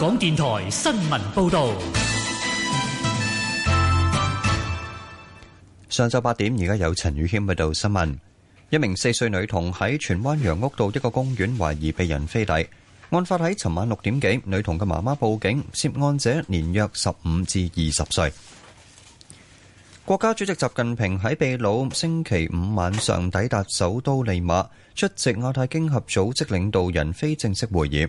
港電台新聞報道：上晝八點，而家有陳宇謙報道新聞。一名四歲女童喺荃灣楊屋道一個公園，懷疑被人非禮。案發喺尋晚六點幾，女童嘅媽媽報警，涉案者年約十五至二十歲。國家主席習近平喺秘魯星期五晚上抵達首都利馬，出席亞太經合組織領導人非正式會議。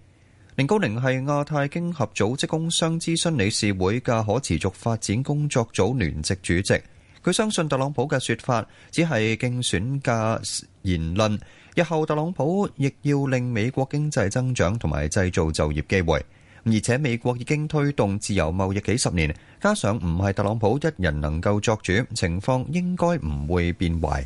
高寧係亞太經合組織工商諮詢理事會嘅可持續發展工作組聯席主席。佢相信特朗普嘅說法只係競選嘅言論。日後特朗普亦要令美國經濟增長同埋製造就業機會，而且美國已經推動自由貿易幾十年，加上唔係特朗普一人能夠作主，情況應該唔會變壞。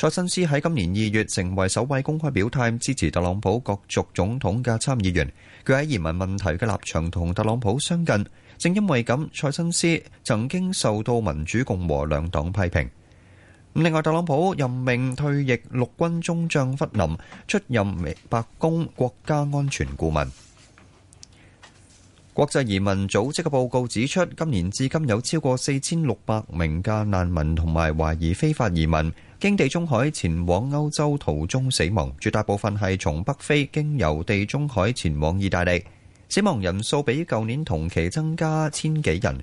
塞申斯喺今年二月成為首位公開表態支持特朗普角逐總統嘅參議員。佢喺移民問題嘅立場同特朗普相近，正因為咁，塞申斯曾經受到民主共和兩黨批評。咁，另外，特朗普任命退役陸軍中將弗林出任白宮國家安全顧問。國際移民組織嘅報告指出，今年至今有超過四千六百名嘅難民同埋懷疑非法移民。經地中海前往歐洲途中死亡，絕大部分係從北非經由地中海前往意大利。死亡人數比舊年同期增加千幾人。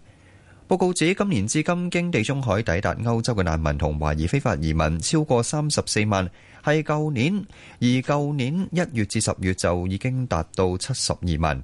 報告指今年至今經地中海抵達歐洲嘅難民同懷疑非法移民超過三十四萬，係舊年，而舊年一月至十月就已經達到七十二萬。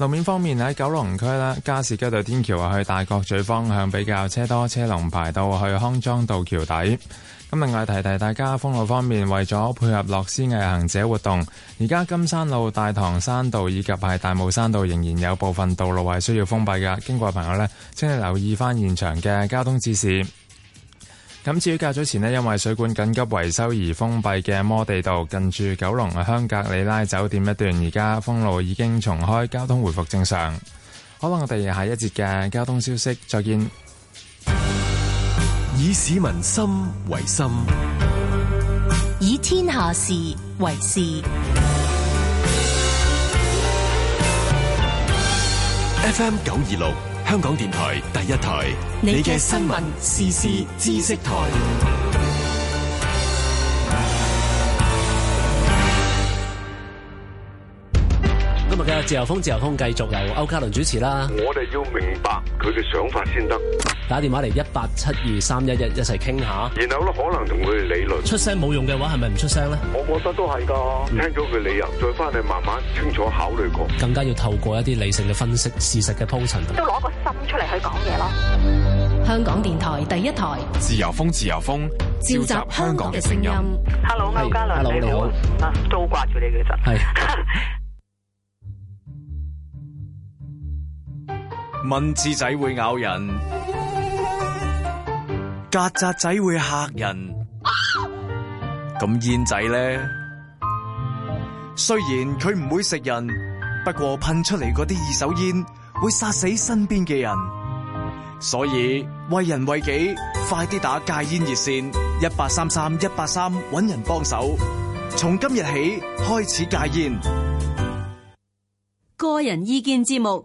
路面方面喺九龍區加士居道天橋去大角咀方向比較車多，車龍排到去康莊道橋底。咁另外提提大家，封路方面為咗配合樂施毅行者活動，而家金山路、大棠山道以及係大帽山道仍然有部分道路係需要封閉嘅，經過嘅朋友咧，請你留意翻現場嘅交通指示。咁至於較早前呢，因為水管緊急維修而封閉嘅摩地道近住九龍香格里拉酒店一段，而家封路已經重開，交通回復正常。好啦，我哋下一節嘅交通消息，再見。以市民心為心，以天下事為事。F M 九二六。香港電台第一台，你嘅新聞時事知識台。自由風，自由風，繼續由歐嘉倫主持啦。我哋要明白佢嘅想法先得。打電話嚟一八七二三一一，一齊傾下。然後咧，可能同佢哋理論。出聲冇用嘅話，係咪唔出聲咧？我覺得都係噶。聽咗佢理由，再翻嚟慢慢清楚考慮過。更加要透過一啲理性嘅分析、事實嘅鋪陳。都攞個心出嚟去講嘢咯。香港電台第一台，自由風，自由風，召集香港嘅聲音。Hello，歐嘉倫，hey, hello, 你好。都掛住你嘅真係。 蚊子仔會咬人，曱甴仔會嚇人，咁煙仔咧？雖然佢唔會食人，不過噴出嚟嗰啲二手煙會殺死身邊嘅人，所以為人為己，快啲打戒煙熱線一八三三一八三，揾人幫手，從今日起開始戒煙。個人意見節目。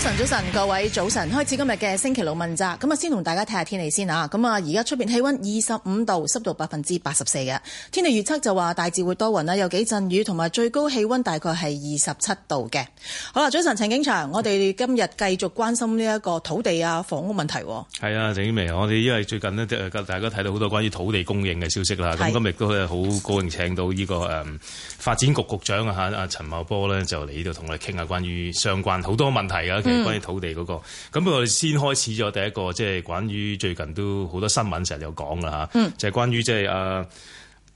早晨，早晨，各位早晨，開始今日嘅星期六問責，咁啊！先同大家睇下天氣先吓，咁啊，而家出邊氣溫二十五度，濕度百分之八十四嘅天氣預測就話大致會多雲啦，有幾陣雨，同埋最高氣溫大概係二十七度嘅。好啦，早晨，陳景祥，我哋今日繼續關心呢一個土地啊、房屋問題。係啊，鄭英明，我哋因為最近咧，大家睇到好多關於土地供應嘅消息啦。咁，是今日亦都係好高興，請到呢個誒發展局局長啊吓，阿陳茂波咧就嚟呢度同我哋傾下關於相關好多問題啊。嗯、關於土地嗰、那個，咁我哋先開始咗第一個，即、就、係、是、關於最近都好多新聞成日有講啦嚇，嗯、就係關於即、就、係、是、啊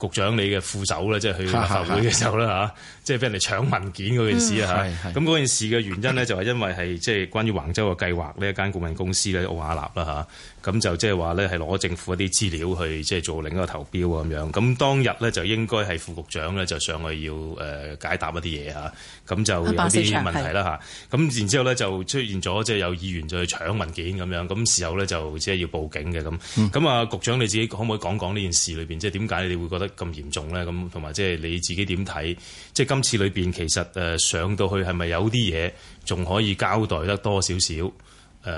局長你嘅副手啦，即、就、係、是、去立法會嘅時候啦吓。是是是啊。即係俾人哋搶文件嗰件事啊，咁嗰、嗯、件事嘅原因咧就係因為係即係關於橫州嘅計劃呢一間顧問公司咧奧亞納啦吓，咁就即係話咧係攞政府一啲資料去即係做另一個投標啊咁樣，咁當日咧就應該係副局長咧就上去要誒解答一啲嘢嚇，咁就有啲問題啦吓，咁然之後咧就出現咗即係有議員就去搶文件咁樣，咁事後咧就即係要報警嘅咁，咁啊局長你自己可唔可以講講呢件事裏面？即係點解你會覺得咁嚴重咧？咁同埋即係你自己點睇即係今次裏邊其實誒上到去係咪有啲嘢仲可以交代得多少少誒，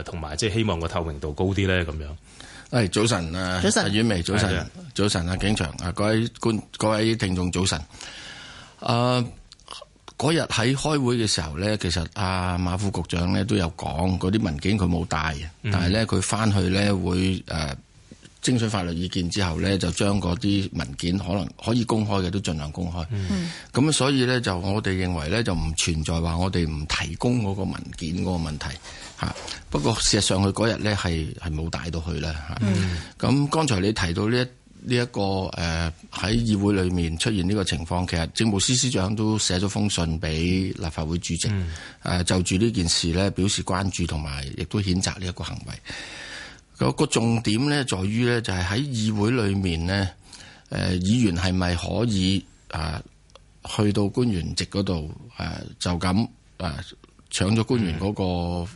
同埋即係希望個透明度高啲咧咁樣。誒上上、啊，早晨啊，的早晨，遠眉，早晨，早晨，阿警長，阿、啊、各位觀，各位聽眾，早晨。誒、啊，嗰日喺開會嘅時候咧，其實阿、啊、馬副局長咧都有講，嗰啲文件佢冇帶嘅，嗯、但係咧佢返去咧會誒。啊徵詢法律意見之後呢，就將嗰啲文件可能可以公開嘅都盡量公開。咁、嗯、所以呢，就我哋認為呢，就唔存在話我哋唔提供嗰個文件嗰個問題嚇。不過事實上，佢嗰日呢係係冇帶到去啦嚇。咁剛才你提到呢一呢一個誒喺、這個、議會裏面出現呢個情況，其實政務司司長都寫咗封信俾立法會主席誒，嗯、就住呢件事呢，表示關注同埋亦都譴責呢一個行為。個重點咧，在於咧就係喺議會裏面呢，誒、呃、議員係咪可以啊、呃、去到官員席嗰度誒就咁誒、呃、搶咗官員嗰個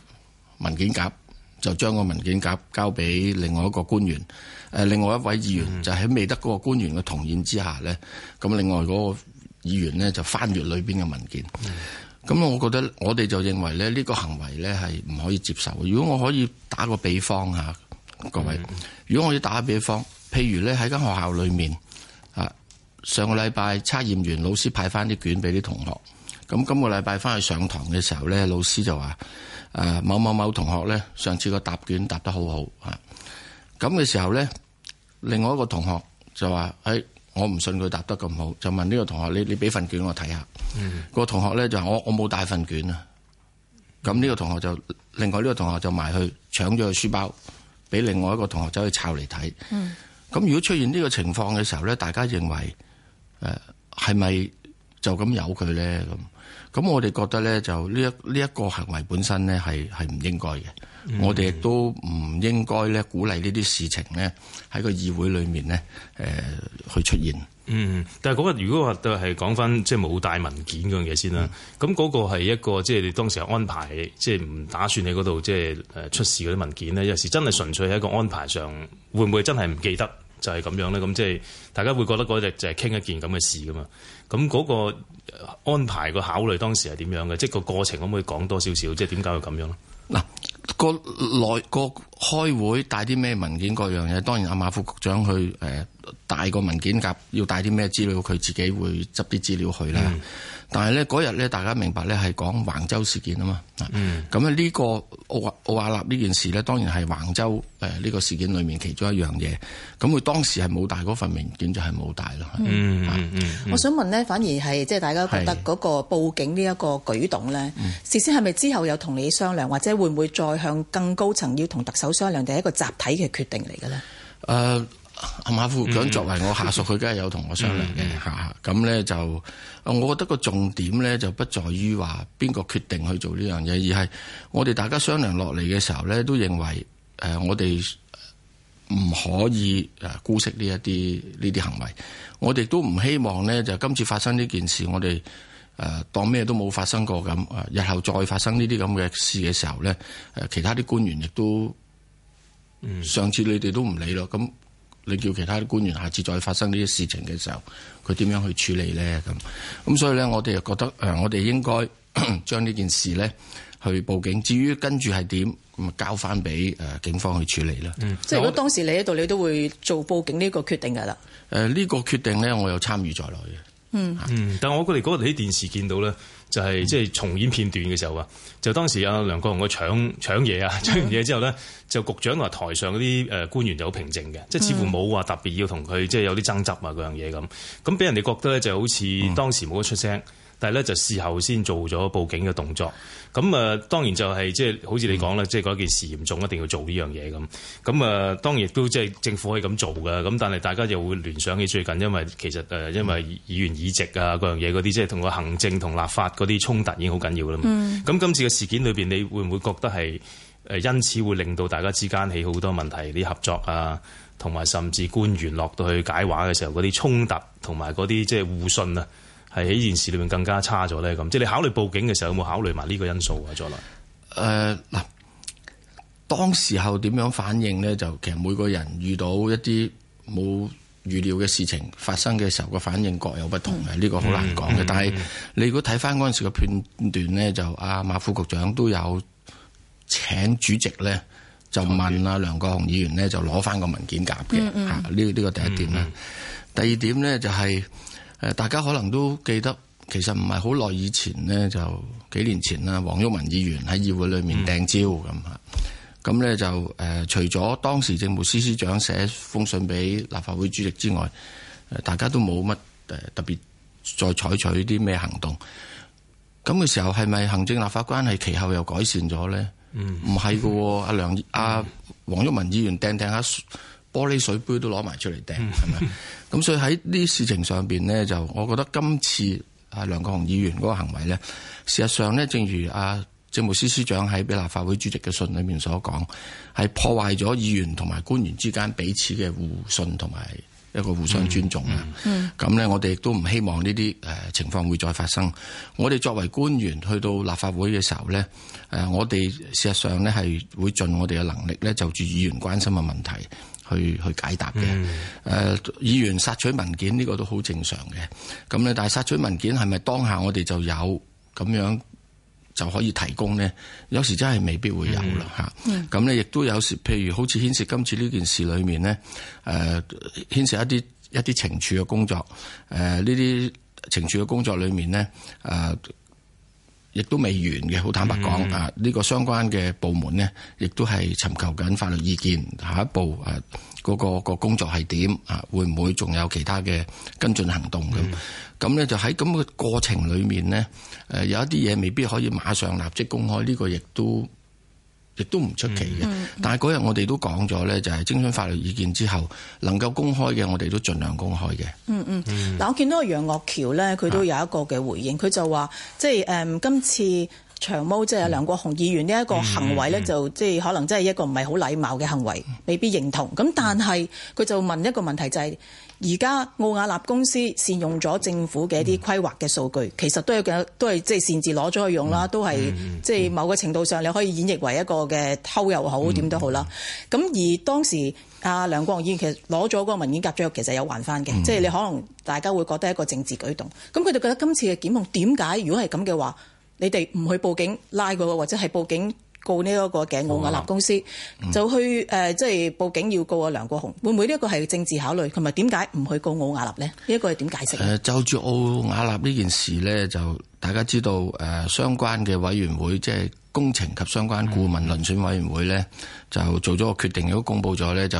文件夾，嗯、就將個文件夾交俾另外一個官員誒、呃，另外一位議員就喺未得嗰個官員嘅同意之下呢，咁、嗯、另外嗰個議員呢，就翻閲裏邊嘅文件。咁、嗯、我覺得我哋就認為咧，呢個行為呢，係唔可以接受嘅。如果我可以打個比方吓。各位，如果我要打比方，譬如咧喺間學校裏面啊，上個禮拜測驗完，老師派翻啲卷俾啲同學。咁今個禮拜翻去上堂嘅時候咧，老師就話誒某某某同學咧，上次個答卷答得好好啊。咁嘅時候咧，另外一個同學就話：，誒、哎，我唔信佢答得咁好，就問呢個同學，你你俾份卷我睇下。那個同學咧就話我我冇帶份卷啊。咁呢個同學就，另外呢個同學就埋去搶咗佢書包。俾另外一個同學走去抄嚟睇，咁如果出現呢個情況嘅時候咧，大家認為誒係咪就咁由佢咧咁？咁我哋覺得咧，就呢一呢一個行為本身咧，係係唔應該嘅。嗯、我哋亦都唔應該咧鼓勵呢啲事情咧喺個議會裏面咧、呃，去出現。嗯，但係嗰、嗰個如果話都係講翻，即係冇帶文件嗰樣嘢先啦。咁嗰、嗯、個係一個即係你當時安排，即係唔打算喺嗰度即係出事嗰啲文件咧。有時真係純粹喺一個安排上，會唔會真係唔記得就係、是、咁樣咧？咁即係大家會覺得嗰日就係傾一件咁嘅事噶嘛？咁嗰個安排個考慮當時係點樣嘅？即係個過程可唔可以講多少少？即係點解會咁樣咯？嗱，個內個開會帶啲咩文件各樣嘢，當然阿馬副局長去誒帶個文件夾，要帶啲咩資料，佢自己會執啲資料去啦。嗯但係呢嗰日呢，大家明白呢係講橫州事件啊嘛。嗯。咁啊呢個奧奧亞立呢件事呢，當然係橫州誒呢、呃這個事件裡面其中一樣嘢。咁佢當時係冇帶嗰份文件就，就係冇帶咯。我想問呢，反而係即係大家覺得嗰個報警呢一個舉動呢，事先係咪之後有同你商量，或者會唔會再向更高層要同特首商量，定係一個集體嘅決定嚟嘅呢？誒、呃。阿馬副長作為我下屬，佢梗係有同我商量嘅吓。咁咧 就，我覺得個重點咧就不在於話邊個決定去做呢樣嘢，而係我哋大家商量落嚟嘅時候咧，都認為誒，我哋唔可以誒姑息呢一啲呢啲行為。我哋都唔希望咧，就今次發生呢件事，我哋誒當咩都冇發生過咁。誒，日後再發生呢啲咁嘅事嘅時候咧，誒，其他啲官員亦都， 上次你哋都唔理咯，咁。你叫其他啲官員下次再發生呢啲事情嘅時候，佢點樣去處理咧？咁咁所以咧，我哋就覺得誒，我哋應該將呢件事咧去報警。至於跟住係點咁啊，交翻俾誒警方去處理啦。嗯、即係如果當時你喺度，你都會做報警呢個決定嘅啦。誒呢、嗯呢個決定咧，我有參與在內嘅。嗯嗯，但係我覺得嗰日喺電視見到咧。就係即係重演片段嘅時候啊！就當時阿梁國雄個搶搶嘢啊，搶完嘢之後咧， 就局長話台上嗰啲誒官員就好平靜嘅，即係 似乎冇話特別要同佢即係有啲爭執啊嗰樣嘢咁，咁俾人哋覺得咧就好似當時冇得出聲。 但係咧就事後先做咗報警嘅動作，咁啊當然就係即係好似你講啦，即係嗰件事嚴重，一定要做呢樣嘢咁。咁啊當然亦都即係政府可以咁做㗎。咁但係大家又會聯想起最近，因為其實誒因為議員議席啊嗰樣嘢嗰啲，即係同個行政同立法嗰啲衝突已經好緊要啦嘛。咁、嗯、今次嘅事件裏面，你會唔會覺得係因此會令到大家之間起好多問題，啲合作啊，同埋甚至官員落到去解話嘅時候嗰啲衝突同埋嗰啲即係互信啊？係喺件事裏面更加差咗咧，咁即係你考慮報警嘅時候，有冇考慮埋呢個因素啊？在內誒，嗱，當時候點樣反應咧？就其實每個人遇到一啲冇預料嘅事情發生嘅時候，個反應各有不同嘅，呢、嗯、個好難講嘅。嗯嗯嗯、但係你如果睇翻嗰陣時嘅片段咧，就阿、啊、馬副局長都有請主席咧，就問阿梁國雄議員咧，就攞翻個文件夾嘅吓，呢呢個第一點啦。嗯嗯、第二點咧就係、是。誒，大家可能都記得，其實唔係好耐以前呢，就幾年前啊，黃毓民議員喺議會裡面掟蕉咁嚇，咁咧、嗯、就誒、呃，除咗當時政務司司長寫封信俾立法會主席之外，誒、呃，大家都冇乜誒特別再採取啲咩行動。咁嘅時候係咪行政立法關係其後又改善咗咧？唔係嘅喎，阿、啊、梁阿、啊、黃毓民議員掟掟下。玻璃水杯都攞埋出嚟掟，係咪？咁 所以喺呢事情上邊呢，就我覺得今次啊梁國雄議員嗰個行為呢，事實上呢，正如啊政務司司長喺俾立法會主席嘅信裏面所講，係破壞咗議員同埋官員之間彼此嘅互信同埋一個互相尊重啊。咁呢，我哋亦都唔希望呢啲誒情況會再發生。我哋作為官員去到立法會嘅時候呢，誒我哋事實上呢，係會盡我哋嘅能力呢，就住議員關心嘅問題。去去解答嘅，誒、嗯呃、議員索取文件呢、呢個都好正常嘅，咁咧，但係索取文件係咪當下我哋就有咁樣就可以提供呢？有時真係未必會有啦嚇，咁咧亦都有時，譬如好似牽涉今次呢件事裏面呢，誒、呃、牽涉一啲一啲懲處嘅工作，誒呢啲懲處嘅工作裏面呢。誒、呃。亦都未完嘅，好坦白講、嗯、啊，呢個相關嘅部門呢，亦都係尋求緊法律意見，下一步誒嗰、啊、個個工作係點啊？會唔會仲有其他嘅跟進行動咁？咁咧、嗯、就喺咁個過程裡面呢，誒、啊、有一啲嘢未必可以馬上立即公開，呢個亦都。亦都唔出奇嘅，嗯、但係嗰日我哋都講咗咧，就係徵詢法律意見之後能夠公開嘅，我哋都盡量公開嘅、嗯。嗯嗯，嗱，我見到楊岳橋咧，佢都有一個嘅回應，佢、啊、就話：「即係誒、嗯，今次長毛即係梁國雄議員呢一個行為咧，嗯、就即係可能真係一個唔係好禮貌嘅行為，未必認同。」咁但係佢就問一個問題，嗯、就係、是。而家奧雅納公司善用咗政府嘅一啲規劃嘅數據，嗯、其實都係嘅，都係即係擅自攞咗去用啦，嗯、都係即係某個程度上你可以演繹為一個嘅偷又好點都好啦。咁而當時阿梁國雄議員其實攞咗嗰個文件夾咗，其實有還翻嘅，嗯、即係你可能大家會覺得一個政治舉動。咁佢哋覺得今次嘅檢控點解？如果係咁嘅話，你哋唔去報警拉佢，或者係報警？告呢一個嘅奧雅納公司，就去誒，即係報警要告啊梁國雄，會唔會呢一個係政治考慮？同埋點解唔去告奧雅納咧？呢一個係點解釋？誒，就住奧雅納呢件事咧，就大家知道誒，相關嘅委員會即係工程及相關顧問遴選委員會咧，就做咗個決定，都公布咗咧，就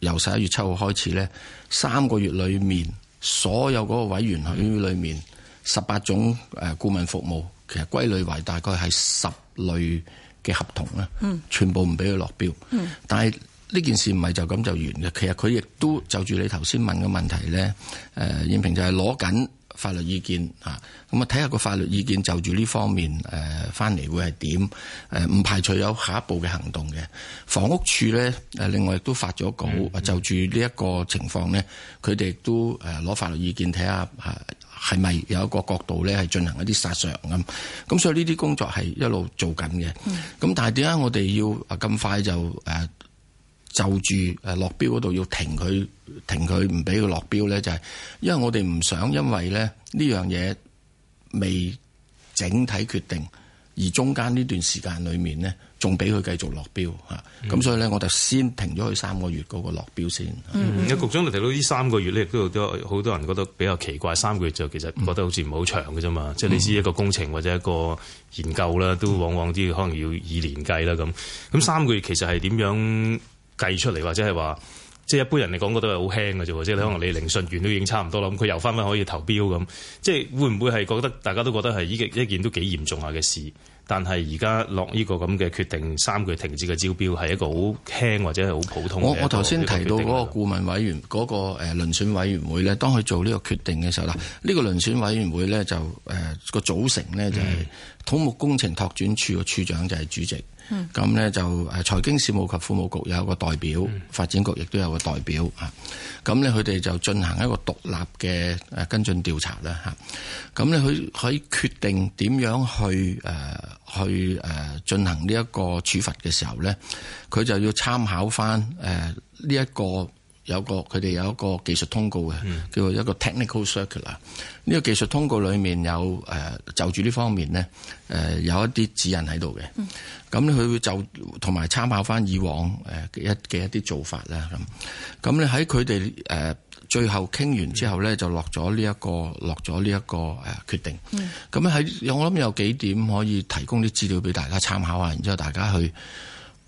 由十一月七號開始咧，三個月裏面所有嗰個委員會裏面十八種誒顧問服務，其實歸類為大概係十類。嘅合同啦，全部唔俾佢落標。嗯嗯、但係呢件事唔係就咁就完嘅，其實佢亦都就住你頭先問嘅問題咧。誒、呃，燕平就係攞緊法律意見嚇，咁啊睇下個法律意見就住呢方面誒翻嚟會係點？誒、啊、唔排除有下一步嘅行動嘅。房屋署咧誒，另外亦都發咗稿，嗯、就住呢一個情況咧，佢哋亦都誒攞法律意見睇下嚇。啊係咪有一個角度咧，係進行一啲殺傷咁？咁所以呢啲工作係一路做緊嘅。咁、嗯、但係點解我哋要咁快就誒、啊、就住誒落標嗰度要停佢，停佢唔俾佢落標咧？就係、是、因為我哋唔想因為咧呢樣嘢未整體決定，而中間呢段時間裏面咧。仲俾佢繼續落標嚇，咁、嗯、所以咧我就先停咗佢三個月嗰個落標先。阿、嗯嗯、局長，你提到呢三個月咧，亦都有好多人覺得比較奇怪。三個月就其實覺得好似唔好長嘅啫嘛，嗯、即係你知道一個工程或者一個研究啦，都往往啲可能要以年計啦咁。咁三個月其實係點樣計出嚟，或者係話即係一般人嚟講，覺得係好輕嘅啫喎。即係可能你聆訊員都已經差唔多啦，咁佢又翻返可以投標咁，即係會唔會係覺得大家都覺得係呢一件都幾嚴重下嘅事？但係而家落呢個咁嘅決定，三個月停止嘅招標係一個好輕或者係好普通嘅。我我頭先提到嗰個顧問委員嗰、嗰個誒遴選委員會咧，當佢做呢個決定嘅時候啦，呢、呢個遴選委員會咧就誒個組成呢，就係土木工程拓展處嘅處長就係主席，咁咧、嗯、就誒財經事務及庫務局有一個代表，發展局亦都有個代表啊，咁咧佢哋就進行一個獨立嘅跟進調查啦嚇，咁咧佢可以決定點樣去誒。去誒進行呢一個處罰嘅時候咧，佢就要參考翻誒呢一個有個佢哋有一個技術通告嘅，叫做一個 technical circular。呢個技術通告裏面有誒就住呢方面咧，誒有一啲指引喺度嘅。咁佢會就同埋參考翻以往誒一嘅一啲做法啦。咁咁咧喺佢哋誒。最後傾完之後咧，就落咗呢一個落咗呢一個誒決定。咁喺、嗯、我諗有幾點可以提供啲資料俾大家參考啊，然之後大家去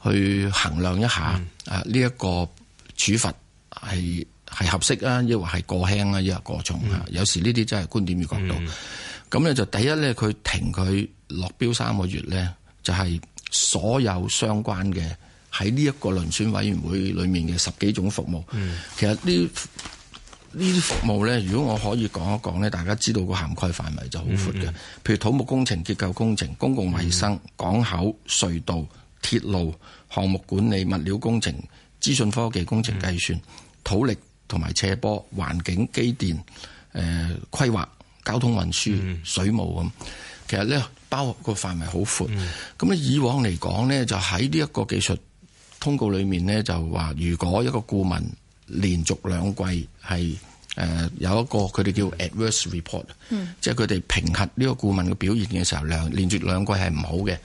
去衡量一下、嗯、啊，呢、這、一個處罰係係合適啊，抑或係過輕啊，抑或過重啊？嗯、有時呢啲真係觀點與角度。咁咧、嗯、就第一咧，佢停佢落標三個月咧，就係、是、所有相關嘅喺呢一個輪選委員會裏面嘅十幾種服務。嗯、其實呢～呢啲服務呢，如果我可以講一講呢，大家知道個涵蓋範圍就好闊嘅。譬如土木工程、結構工程、公共衛生、港口、隧道、鐵路、項目管理、物料工程、資訊科技工程計算、嗯、土力同埋斜坡、環境、機電、呃、規劃、交通運輸、水務咁。其實呢，包括個範圍好闊。咁、嗯、以往嚟講呢，就喺呢一個技術通告裏面呢，就話如果一個顧問連續兩季係誒、呃、有一個佢哋叫 Adverse Report，、嗯、即係佢哋評核呢個顧問嘅表現嘅時候，兩連續兩季係唔好嘅，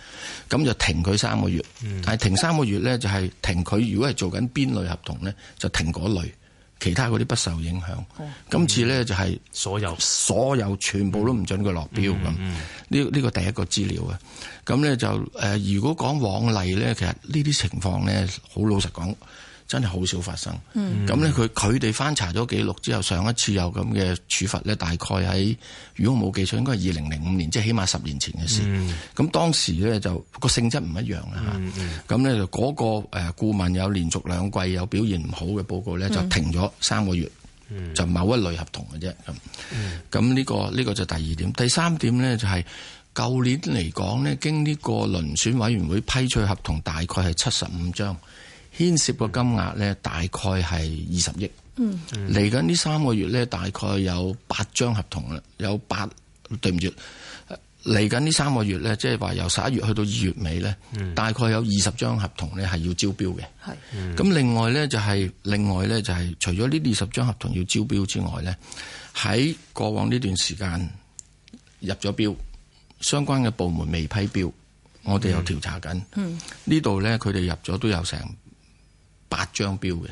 咁就停佢三個月。嗯嗯、但係停三個月咧，就係、是、停佢。如果係做緊邊類合同咧，就停嗰類，其他嗰啲不受影響。是今次咧、嗯、就係、是、所有所有全部都唔準佢落標咁。呢呢個第一個資料啊。咁咧就誒、呃，如果講往例咧，其實這些況呢啲情況咧，好老實講。真係好少發生，咁呢、嗯，佢佢哋翻查咗記錄之後，上一次有咁嘅處罰呢，大概喺如果冇記錯，應該係二零零五年，即係起碼十年前嘅事。咁、嗯、當時呢，就個性質唔一樣啦嚇。咁咧就嗰個誒顧問有連續兩季有表現唔好嘅報告呢，就停咗三個月，嗯、就某一類合同嘅啫。咁咁呢個呢、這個就是第二點，第三點呢、就是，就係舊年嚟講呢，經呢個遴選委員會批出合同，大概係七十五張。牽涉個金額大概係二十億。嚟緊呢三個月呢，大概有八張合同啦，有八，對唔住。嚟緊呢三個月呢，即係話由十一月去到二月尾呢，嗯、大概有二十張合同呢係要招標嘅。咁另外呢，就係、嗯、另外呢就係、另外呢就係除咗呢二十張合同要招標之外呢，喺過往呢段時間入咗標，相關嘅部門未批標，我哋有調查緊。呢度呢，佢、嗯、哋入咗都有成。八張標嘅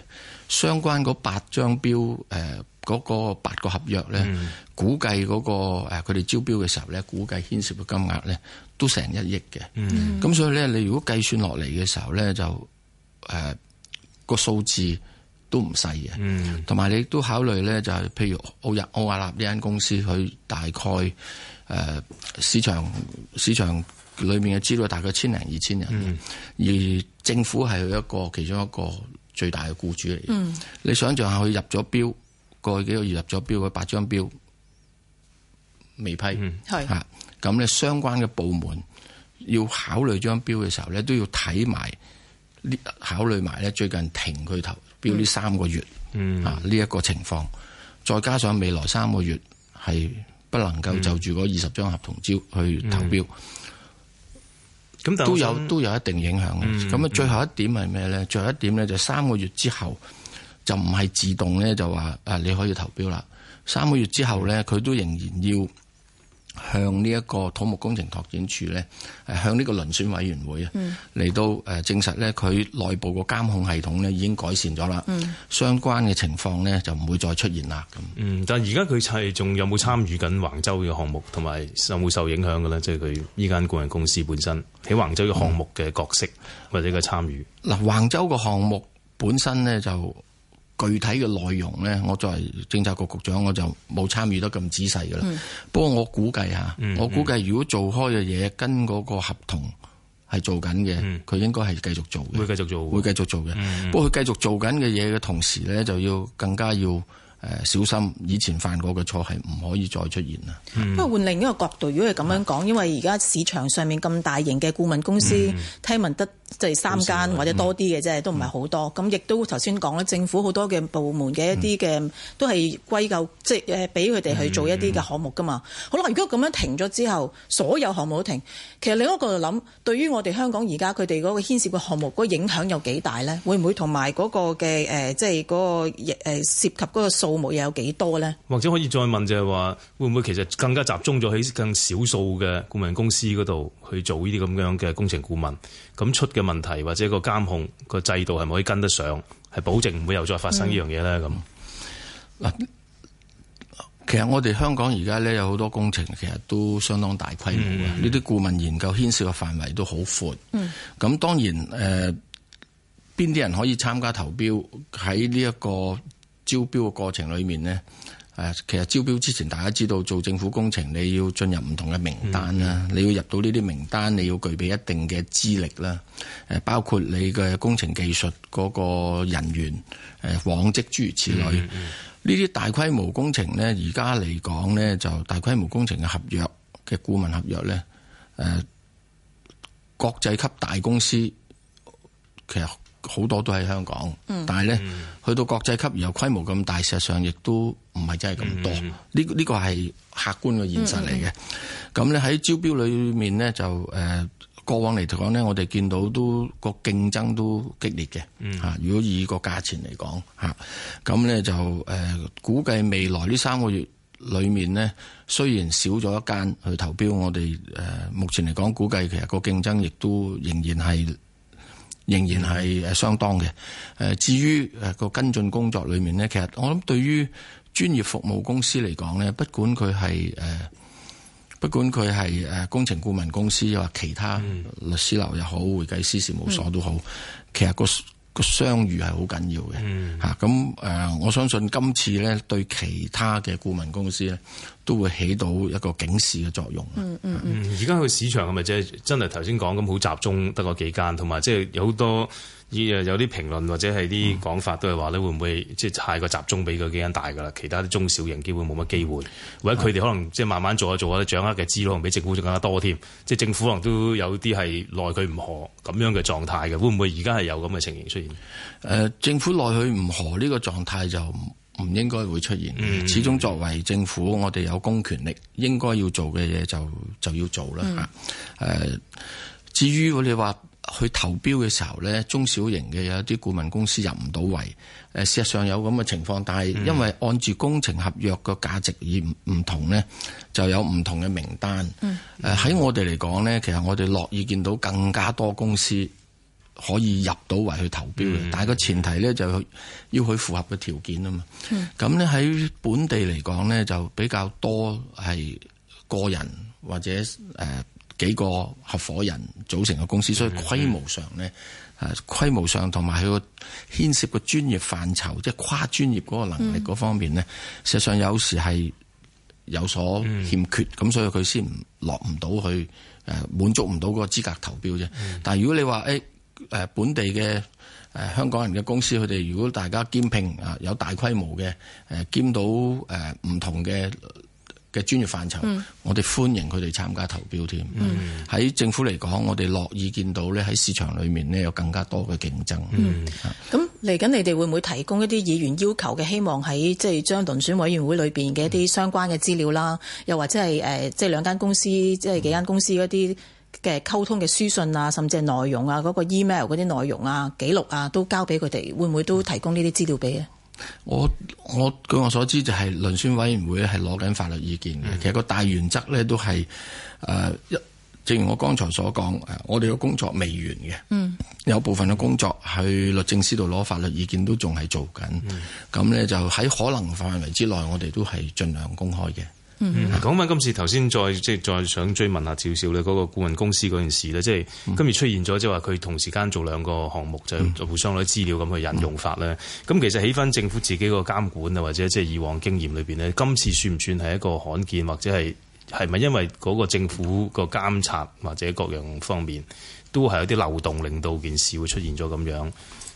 相關嗰八張標誒嗰、呃嗰個八個合約咧、嗯那個呃，估計嗰個佢哋招標嘅時候咧，估計牽涉嘅金額咧都成一億嘅。咁、嗯、所以咧，你如果計算落嚟嘅時候咧，就誒、呃嗰個數字都唔細嘅。同埋、嗯、你都考慮咧，就係譬如奧亞奧亞納呢間公司，佢大概誒市場市場，市場裏面嘅資料大概千零二千人，嗯、而政府係一個其中一個最大嘅僱主嚟。嗯、你想像下，佢入咗標，過去幾個月入咗標嘅八張標未批，咁咧、嗯。是嗯、相關嘅部門要考慮張標嘅時候咧，都要睇埋呢考慮埋咧最近停佢投標呢三個月、嗯、啊呢一、這個情況，再加上未來三個月係不能夠就住嗰二十張合同招去投標都有都有一定影響嘅，咁啊、嗯、最後一點係咩咧？嗯、最後一點咧就三個月之後就唔係自動咧就話啊你可以投標啦。三個月之後咧，佢、嗯、都仍然要。向呢一個土木工程拓展處咧，誒向呢個遴選委員會嚟、嗯、到誒，證實咧佢內部個監控系統咧已經改善咗啦，嗯、相關嘅情況咧就唔會再出現啦。咁嗯，但係而家佢係仲有冇參與緊橫州嘅項目，同埋有冇受影響嘅咧？即係佢依間個人公司本身喺橫州嘅項目嘅角色、嗯、或者個參與嗱、嗯，橫州個項目本身咧就。具體嘅內容呢，我作為政策局局長我就冇參與得咁仔細嘅啦。嗯、不過我估計吓，嗯嗯、我估計如果做開嘅嘢，跟嗰個合同係做緊嘅，佢、嗯、應該係繼續做嘅。會繼續做嘅，會繼續做嘅。嗯、不過佢繼續做緊嘅嘢嘅同時呢，就要更加要誒小心，以前犯過嘅錯，係唔可以再出現啦。嗯、不過換另一個角度，如果係咁樣講，啊、因為而家市場上面咁大型嘅顧問公司，嗯、聽聞得。即係三間或者多啲嘅啫，都唔係好多。咁亦、嗯、都頭先講啦，政府好多嘅部門嘅一啲嘅、嗯、都係歸咎，即係誒俾佢哋去做一啲嘅項目㗎嘛。嗯、好啦，如果咁樣停咗之後，所有項目都停，其實另一個就諗，對於我哋香港而家佢哋嗰個牽涉嘅項目嗰個影響有幾大咧？會唔會同埋嗰個嘅、即係嗰個涉及嗰個數目又有幾多咧？或者可以再問就係話，會唔會其實更加集中咗喺更少數嘅顧問公司嗰度？去做呢啲咁樣嘅工程顧問，咁出嘅問題或者個監控個制度係咪可以跟得上，係保證唔會又再發生呢樣嘢咧？咁嗱、嗯嗯，其實我哋香港而家咧有好多工程，其實都相當大規模啊。呢啲、嗯、顧問研究牽涉嘅範圍都好闊。咁、嗯、當然誒，邊、呃、啲人可以參加投標？喺呢一個招標嘅過程裏面呢。誒、其實招標之前，大家知道做政府工程，你要進入唔同嘅名單啦，嗯、你要入到呢啲名單，你要具備一定嘅資歷啦。誒、包括你嘅工程技術嗰、那個人員，誒往績諸如此類。呢啲、嗯嗯、大規模工程呢，而家嚟講呢，就大規模工程嘅合約嘅顧問合約呢，誒、呃、國際級大公司其實好多都喺香港，嗯、但係咧、嗯、去到國際級然後規模咁大，事實上亦都唔係真係咁多。呢呢、嗯呢個係、呢個、客觀嘅現實嚟嘅。咁咧喺招標裏面咧就誒、呃、過往嚟講咧，我哋見到都個競爭都激烈嘅、嗯、如果以個價錢嚟講咁咧、啊、就誒、呃、估計未來呢三個月裏面咧，雖然少咗一間去投標，我哋、呃、目前嚟講估計其實個競爭亦都仍然係。仍然係相當嘅，誒至於誒個跟進工作裏面呢，其實我諗對於專業服務公司嚟講呢，不管佢係誒，不管佢係工程顧問公司又或者其他律師樓又好，會計師事務所都好，嗯、其實個相遇係好緊要嘅嚇，咁誒、嗯呃，我相信今次咧對其他嘅顧問公司咧都會起到一個警示嘅作用。嗯嗯嗯，而家個市場係咪即係真係頭先講咁好集中得嗰幾間，同埋即係有好多。依誒有啲評論或者係啲講法都係話咧，會唔會即係太過集中俾嗰幾間大噶啦？其他啲中小型基本冇乜機會，或者佢哋可能即係慢慢做一做下，掌握嘅資料同比政府仲更加多添。即係政府可能都有啲係奈佢唔何咁樣嘅狀態嘅，會唔會而家係有咁嘅情形出現？誒、呃，政府奈佢唔何呢個狀態就唔應該會出現。始終作為政府，我哋有公權力，應該要做嘅嘢就就要做啦。嚇誒、嗯呃，至於我哋話，去投標嘅時候呢中小型嘅有一啲顧問公司入唔到圍，誒，事實上有咁嘅情況，但係因為按住工程合約個價值而唔同呢就有唔同嘅名單。誒、嗯，喺、嗯、我哋嚟講呢其實我哋樂意見到更加多公司可以入到圍去投標、嗯嗯、但係個前提呢，就要佢符合嘅條件啊嘛。咁呢、嗯，喺本地嚟講呢就比較多係個人或者誒。呃幾個合夥人組成嘅公司，所以規模上咧，規模上同埋佢個牽涉個專業範疇，即係跨專業嗰個能力嗰方面咧，事實上有時係有所欠缺，咁、嗯、所以佢先落唔到去誒滿足唔到個資格投標啫。但係如果你話誒本地嘅香港人嘅公司，佢哋如果大家兼聘啊，有大規模嘅誒兼到誒唔同嘅。嘅專業範疇，嗯、我哋歡迎佢哋參加投標添。喺、嗯、政府嚟講，我哋樂意見到咧喺市場裏面咧有更加多嘅競爭。咁嚟緊，是你哋會唔會提供一啲議員要求嘅希望喺即係將遴選委員會裏邊嘅一啲相關嘅資料啦，嗯、又或者係誒即係兩間公司即係、嗯、幾間公司嗰啲嘅溝通嘅書信啊，甚至係內容啊，嗰、嗰個 email 嗰啲內容啊記錄啊，都交俾佢哋，會唔會都提供呢啲資料俾啊？我我據我所知就係遴選委員會係攞緊法律意見嘅。嗯、其實個大原則咧都係誒、呃、一，正如我剛才所講，我哋嘅工作未完嘅，嗯、有部分嘅工作去律政司度攞法律意見都仲係做緊，咁咧、嗯、就喺可能範圍之內，我哋都係盡量公開嘅。Mm hmm. 嗯，講翻今次頭先，再即係再想追問下少少咧，嗰、那個顧問公司嗰件事咧，即、就、係、是、今日出現咗，即係話佢同時間做兩個項目，就是、互相攞資料咁去引用法咧。咁、mm hmm. 其實起翻政府自己個監管啊，或者即係以往經驗裏面。呢今次算唔算係一個罕見，或者係係咪因為嗰個政府個監察或者各樣方面都係有啲漏洞，令到件事會出現咗咁樣，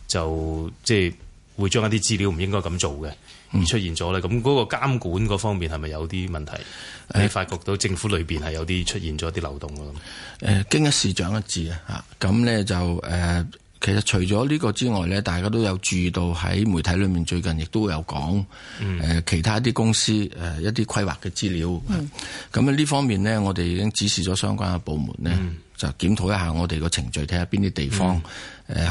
就即係、就是、會將一啲資料唔應該咁做嘅。唔出現咗咧，咁嗰個監管嗰方面係咪有啲問題？你發覺到政府裏面係有啲出現咗啲漏洞㗎？誒，經一市長一致，啊，嚇咁咧就誒，其實除咗呢個之外咧，大家都有注意到喺媒體裏面最近亦都有講、嗯呃、其他一啲公司、呃、一啲規劃嘅資料，咁啊呢方面咧，我哋已經指示咗相關嘅部門咧。嗯就檢討一下我哋個程序，睇下邊啲地方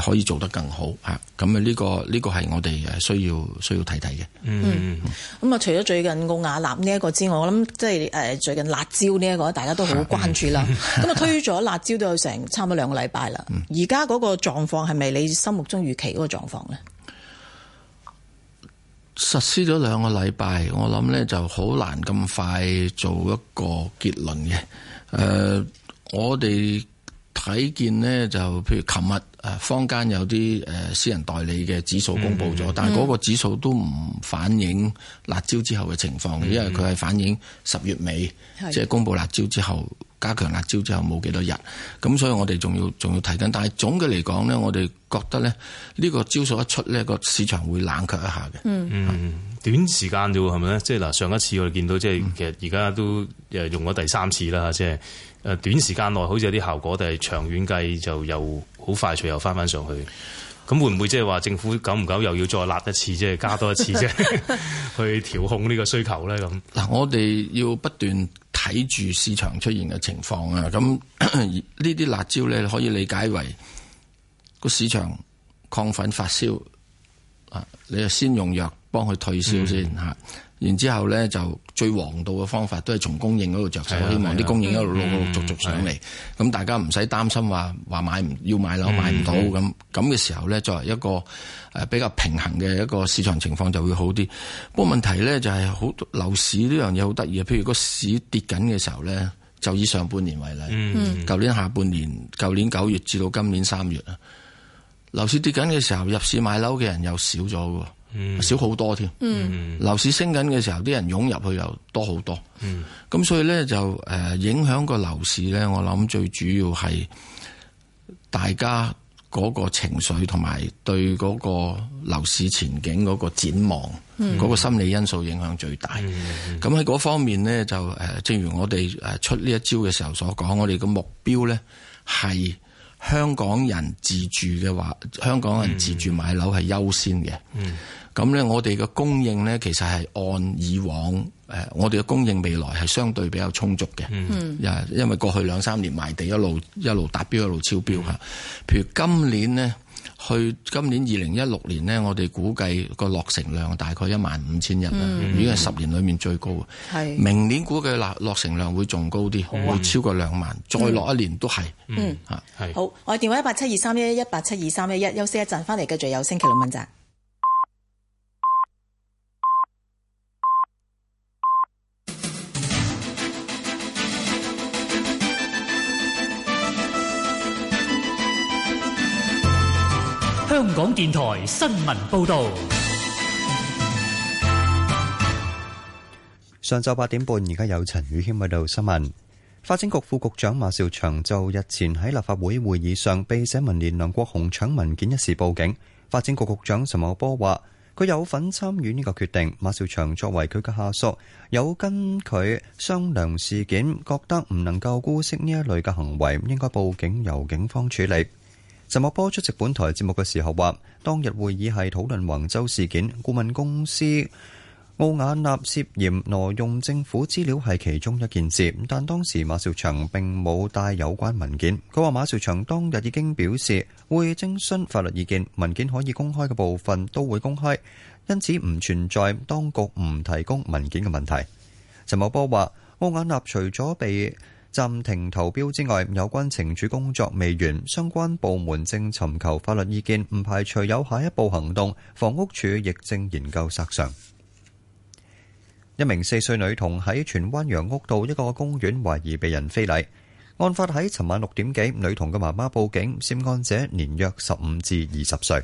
可以做得更好嚇。咁啊、嗯這個，呢、這個呢個係我哋需要需要睇睇嘅。嗯，咁啊，除咗最近奧雅納呢一個之外，我諗即係最近辣招呢、這、一個，大家都好關注啦。咁啊，推咗辣招都有成差唔多兩個禮拜啦。而家嗰個狀況係咪你心目中預期嗰個狀況咧？實施咗兩個禮拜，我諗咧就好難咁快做一個結論嘅。嗯呃我哋睇見呢，就譬如琴日誒，坊間有啲誒私人代理嘅指數公布咗，嗯、但係嗰個指數都唔反映辣招之後嘅情況，嗯、因為佢係反映十月尾，的即係公布辣招之後，加強辣招之後冇幾多日，咁所以我哋仲要仲要睇緊。但係總嘅嚟講呢，我哋覺得呢呢個招數一出呢，個市場會冷卻一下嘅。嗯嗯，是短時間啫喎，係咪咧？即係嗱，上一次我哋見到，即係其實而家都誒用咗第三次啦，即係。短時間內好似有啲效果，但係長遠計又就又好快脆又翻翻上去。咁會唔會即係話政府久唔久又要再辣一次，即係加多一次啫，去調控呢個需求咧？咁嗱，我哋要不斷睇住市場出現嘅情況啊。咁呢啲辣椒咧，可以理解為個市場亢奮發燒啊，你就先用藥幫佢退燒先、嗯。然之後咧，就最王道嘅方法都係從供應嗰度着手，啊啊、希望啲供應一路陸陸、嗯、續續上嚟。咁大家唔使擔心話話買唔要買樓、嗯、買唔到咁。咁嘅、嗯、時候咧，作為一個比較平衡嘅一個市場情況就會好啲。不過問題咧就係好樓市呢樣嘢好得意啊！譬如個市跌緊嘅時候咧，就以上半年為例，嗯，舊年下半年、舊年九月至到今年三月啊，樓市跌緊嘅時候，入市買樓嘅人又少咗喎。嗯、少好多添，樓、嗯、市升緊嘅時候，啲人湧入去又多好多。咁、嗯、所以呢，就誒影響個樓市呢。我諗最主要係大家嗰個情緒同埋對嗰個樓市前景嗰個展望，嗰、嗯、個心理因素影響最大。咁喺嗰方面呢，就誒，正如我哋誒出呢一招嘅時候所講，我哋嘅目標呢係香港人自住嘅話，香港人自住買樓係優先嘅。嗯嗯咁咧，我哋嘅供應呢，其實係按以往、呃、我哋嘅供應未來係相對比較充足嘅。嗯，因為過去兩三年賣地一路一路達標，一路超標、嗯、譬如今年呢，去今年二零一六年呢，我哋估計個落成量大概一萬五千人已經係十年裏面最高是明年估計落成量會仲高啲，會超過兩萬，嗯、再落一年都係。嗯。嗯是好，我哋電話一八七二三一一一八七二三一一，休息一陣，翻嚟繼續有星期六問責。香港電台新聞報道：上晝八點半，而家有陳宇謙報道新聞。發展局副局長馬兆祥就日前喺立法會會議上被社民連梁國雄搶文件一事報警。發展局局長陳茂波話：佢有份參與呢個決定。馬兆祥作為佢嘅下屬，有跟佢商量事件，覺得唔能夠姑息呢一類嘅行為，應該報警由警方處理。陳茂波出席本台節目嘅時候話，當日會議係討論橫州事件，顧問公司奧雅納涉嫌挪用政府資料係其中一件事。但當時馬紹祥,祥並冇帶有,有關文件。佢話馬紹祥,祥當日已經表示會徵詢法律意見，文件可以公開嘅部分都會公開，因此唔存在當局唔提供文件嘅問題。陳茂波話，奧雅納除咗被暫停投標之外，有關懲處工作未完，相關部門正尋求法律意見，唔排除有下一步行動。房屋署亦正研究索償。一名四歲女童喺荃灣楊屋道一個公園，懷疑被人非禮。案發喺尋晚六點幾，女童嘅媽媽報警，涉案者年約十五至二十歲。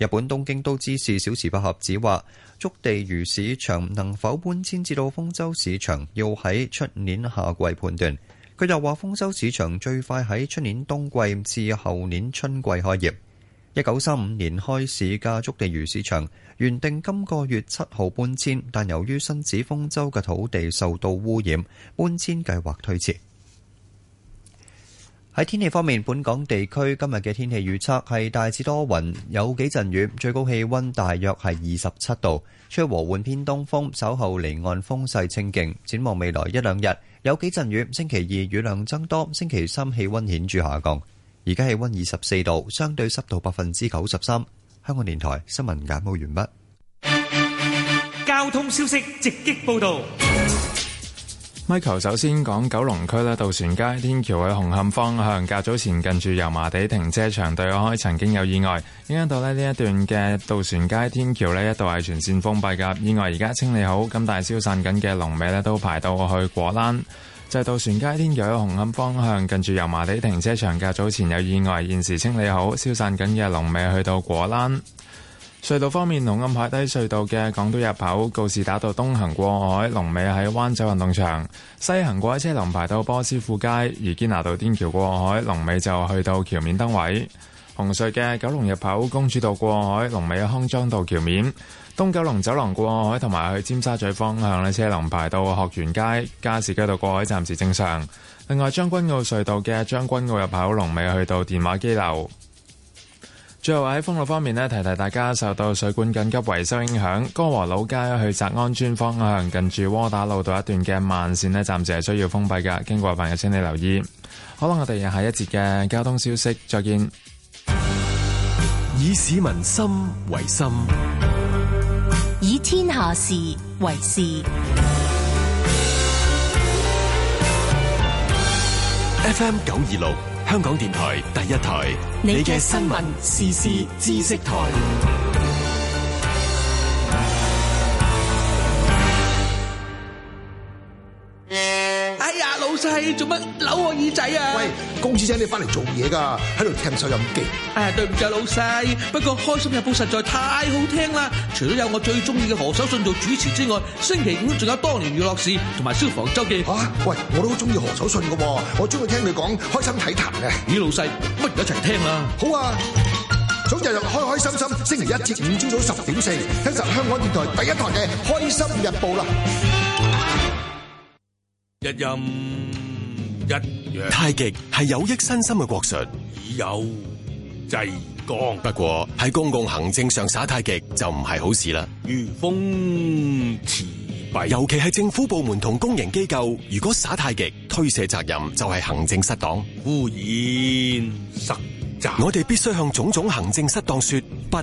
日本東京都知事小池百合子話，築地魚市場能否搬遷至到豐洲市場，要喺出年夏季判斷。佢又話，豐洲市場最快喺出年冬季至後年春季開業。一九三五年開始嘅築地魚市場原定今個月七號搬遷，但由於新址豐洲嘅土地受到污染，搬遷計劃推遲。喺天氣方面，本港地區今日嘅天氣預測係大致多雲，有幾陣雨，最高氣温大約係二十七度，吹和緩偏東風，稍後離岸風勢清勁。展望未來一兩日有幾陣雨，星期二雨量增多，星期三氣温顯著下降。而家氣温二十四度，相對濕度百分之九十三。香港電台新聞簡報完畢。交通消息直擊報道。Michael 首先講九龍區咧，渡船街天橋去紅磡方向，較早前近住油麻地停車場對我開曾經有意外。而家到呢一段嘅渡船街天橋呢一度係全線封閉噶意外，而家清理好，噉但係消散緊嘅龍尾呢都排到過去果欄。就係、是、渡船街天橋去紅磡方向，近住油麻地停車場，較早前有意外，現時清理好，消散緊嘅龍尾去到果欄。隧道方面，紅磡海底隧道嘅港島入口告士打道東行過海，龍尾喺灣仔運動場；西行過海車龍排到波斯富街，而堅拿道天橋過海龍尾就去到橋面燈位。紅隧嘅九龍入口公主道過海，龍尾康莊道橋面；東九龍走廊過海同埋去尖沙咀方向咧，車龍排到鶴園街加士居道過海，暫時正常。另外，將軍澳隧道嘅將軍澳入口龍尾去到電話機樓。最後喺封路方面呢，提提大家受到水管緊急維修影響，江和老街去澤安村方向，近住窩打路道一段嘅慢線呢，暫時係需要封閉噶，經過朋友請你留意。好啦，我哋下一節嘅交通消息，再見。以市民心為心，以天下事為事。F M 九二六。香港電台第一台，你嘅新聞時事知識台。你做乜扭我耳仔啊？喂，公司請你翻嚟做嘢噶，喺度聽收音機。誒、哎，對唔住啊，老細，不過開心日報實在太好聽啦。除咗有我最中意嘅何守信做主持之外，星期五仲有多年娛樂事同埋消防周記。吓、啊，喂，我都好中意何守信嘅，我中意聽佢講開心體壇嘅。咦，老細，乜唔一齊聽啦？好啊，早日有開開心心，星期一至五朝早十點四，聽實香港電台第一台嘅開心日報啦，日任。太極係有益身心嘅國術，以柔制剛。不過喺公共行政上耍太極就唔係好事啦。如封似閉，尤其係政府部門同公營機構，如果耍太極推卸責任，就係行政失當、污染、失責。我哋必須向種種行政失當說不，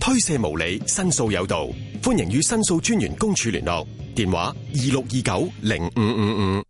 推卸無理，申訴有道。歡迎與申訴專員公署聯絡，電話二六二九零五五五。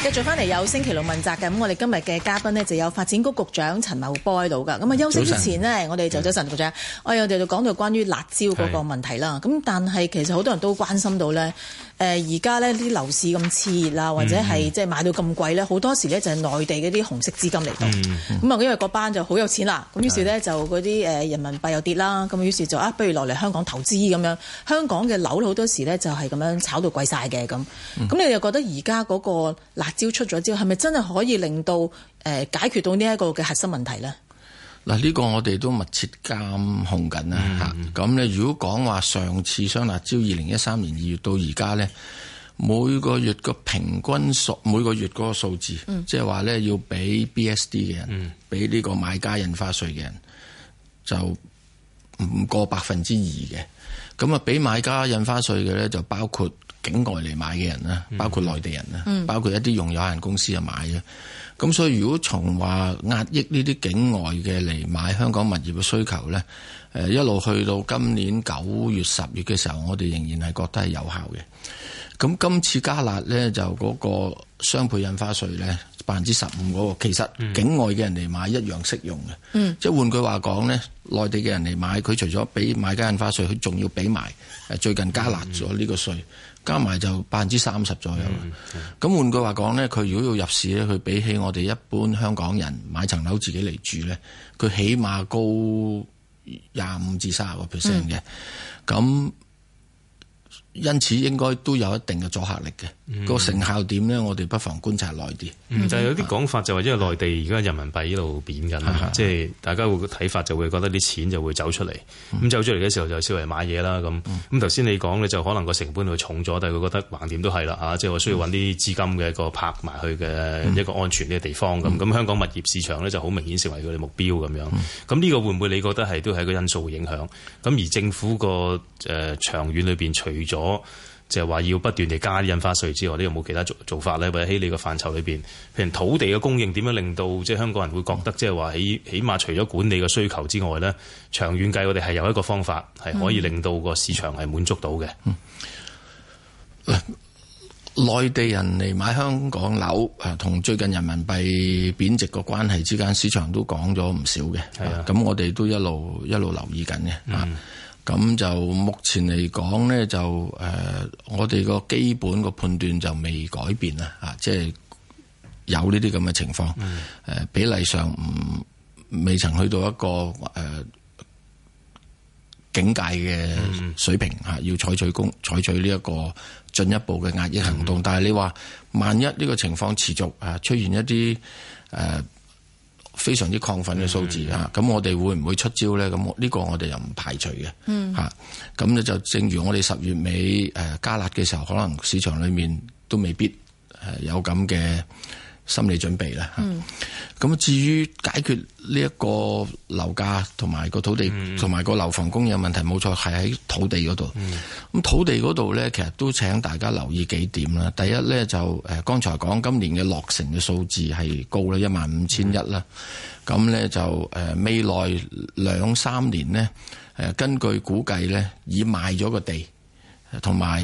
繼續翻嚟有星期六問責嘅，咁我哋今日嘅嘉賓呢，就有發展局局長陳茂波喺度噶，咁啊休息之前呢，晨我哋就請陳是的 局長，我哋就講到關於辣招嗰個問題啦。咁是的 但係其實好多人都關心到呢。誒而家呢啲樓市咁熾熱啦，或者係即係買到咁貴呢，好、嗯、多時呢就係內地嗰啲紅色資金嚟到。咁啊、嗯，嗯、因為嗰班就好有錢啦，咁、嗯、於是呢就嗰啲、呃、人民幣又跌啦，咁於是就啊，不如落嚟香港投資咁樣。香港嘅樓好多時呢就係咁樣炒到貴晒嘅咁。咁、嗯、你又覺得而家嗰個辣招出咗之後，係咪真係可以令到誒、呃、解決到呢一個嘅核心問題呢？嗱，呢個我哋都密切監控緊啦嚇，咁咧、嗯、如果講話上次雙辣招二零一三年二月到而家咧，每個月個平均數每個月嗰個數字，嗯、即係話咧要俾 B S D 嘅人，俾呢、嗯、個買家印花稅嘅人，就唔過百分之二嘅。咁啊，俾買家印花稅嘅咧就包括境外嚟買嘅人啦，嗯、包括內地人啦，嗯、包括一啲用有限公司啊買嘅。咁所以如果從話壓抑呢啲境外嘅嚟買香港物業嘅需求呢，誒一路去到今年九月十月嘅時候，我哋仍然係覺得係有效嘅。咁今次加辣呢，就嗰個雙倍印花稅呢，百分之十五嗰個，其實境外嘅人嚟買一樣適用嘅。即係、嗯、換句話講呢，內地嘅人嚟買，佢除咗俾買家印花稅，佢仲要俾埋誒最近加辣咗呢個稅。加埋就百分之三十左右，咁、嗯、換句話講咧，佢如果要入市咧，佢比起我哋一般香港人買層樓自己嚟住咧，佢起碼高廿五至三十個 percent 嘅，咁、嗯、因此應該都有一定嘅阻嚇力嘅。個、嗯、成效點咧？我哋不妨觀察內地。就、嗯嗯、有啲講法就話，因為內地而家人民幣呢度貶緊，即係是大家會睇法就會覺得啲錢就會走出嚟。咁、嗯、走出嚟嘅時候就稍微買嘢啦。咁咁頭先你講咧，就可能個成本會重咗，但係佢覺得橫掂都係啦吓，即係我需要搵啲資金嘅一個拍埋去嘅一個安全嘅地方咁。咁、嗯、香港物業市場咧就好明顯成為佢哋目標咁樣。咁呢、嗯、個會唔會你覺得係都係一個因素嘅影響？咁而政府個誒、呃、長遠裏面除咗。就係話要不斷地加印花稅之外，你有冇其他做做法呢？或者喺你個範疇裏面，譬如土地嘅供應點樣令到即係香港人會覺得即係話起起碼除咗管理嘅需求之外呢，長遠計我哋係有一個方法係可以令到個市場係滿足到嘅、嗯。嗯，內地人嚟買香港樓同、啊、最近人民幣貶值個關係之間，市場都講咗唔少嘅。係啊。咁、啊啊、我哋都一路一路留意緊嘅。嗯。咁就目前嚟講咧，就誒，我哋個基本個判斷就未改變啦，吓，即係有呢啲咁嘅情況，誒，嗯、比例上唔未曾去到一個誒警戒嘅水平吓，嗯、要採取工採取呢一個進一步嘅壓抑行動。嗯、但係你話萬一呢個情況持續啊，出現一啲誒。呃非常之亢奮嘅數字，嗯、啊！咁我哋會唔會出招咧？咁、這、呢個我哋又唔排除嘅嚇。咁咧、嗯啊、就正如我哋十月尾誒加辣嘅時候，可能市場裡面都未必誒有咁嘅。心理準備啦，咁、嗯、至於解決呢一個樓價同埋個土地同埋個樓房供應問題，冇、嗯、錯係喺土地嗰度。咁、嗯、土地嗰度咧，其實都請大家留意幾點啦。第一咧就誒，剛才講今年嘅落成嘅數字係高啦，一萬五千一啦。咁咧、嗯、就誒未來兩三年咧，誒根據估計咧，已賣咗個地同埋。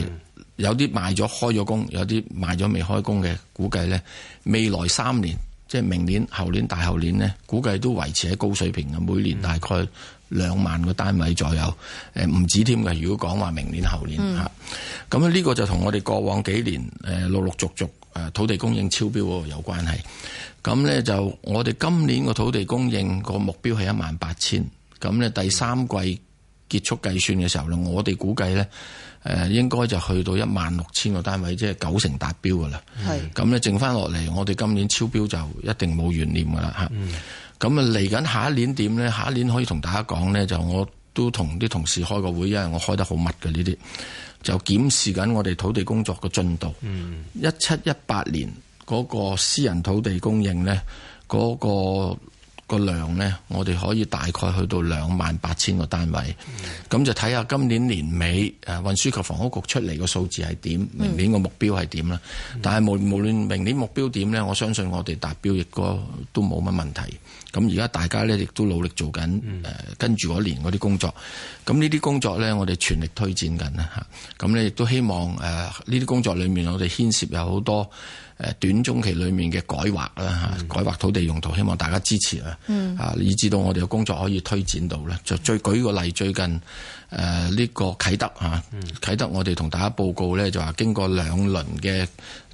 有啲賣咗開咗工，有啲賣咗未開工嘅，估計呢未來三年，即係明年、後年、大後年呢，估計都維持喺高水平嘅，每年大概兩萬個單位左右，唔止添嘅。如果講話明年、後年吓，咁呢、嗯呢個就同我哋過往幾年誒陸陸續續土地供應超標有關係。咁呢，就我哋今年個土地供應個目標係一萬八千，咁呢，第三季結束計算嘅時候呢，我哋估計呢。誒應該就去到一萬六千個單位，即係九成達標噶啦。係咁咧，剩翻落嚟，我哋今年超標就一定冇懸念噶啦嚇。咁啊、嗯，嚟緊下一年點咧？下一年可以同大家講咧，就我都同啲同事開個會，因為我開得好密嘅呢啲，就檢視緊我哋土地工作嘅進度。一七一八年嗰個私人土地供應咧，嗰個。個量呢，我哋可以大概去到兩萬八千個單位，咁、mm. 就睇下今年年尾誒運輸及房屋局出嚟個數字係點，mm. 明年個目標係點啦。Mm. 但係無無論明年目標點呢，我相信我哋達標亦都都冇乜問題。咁而家大家呢，亦都努力做緊跟住嗰年嗰啲工作，咁呢啲工作呢，我哋全力推薦緊啦嚇。咁咧亦都希望誒呢啲工作裏面我哋牽涉有好多。短中期裏面嘅改劃啦，改劃土地用途，希望大家支持啊！嗯、以至到我哋嘅工作可以推展到咧，就最舉個例，最近誒呢、呃呢個啟德嚇，啊嗯、啟德我哋同大家報告咧，就話經過兩輪嘅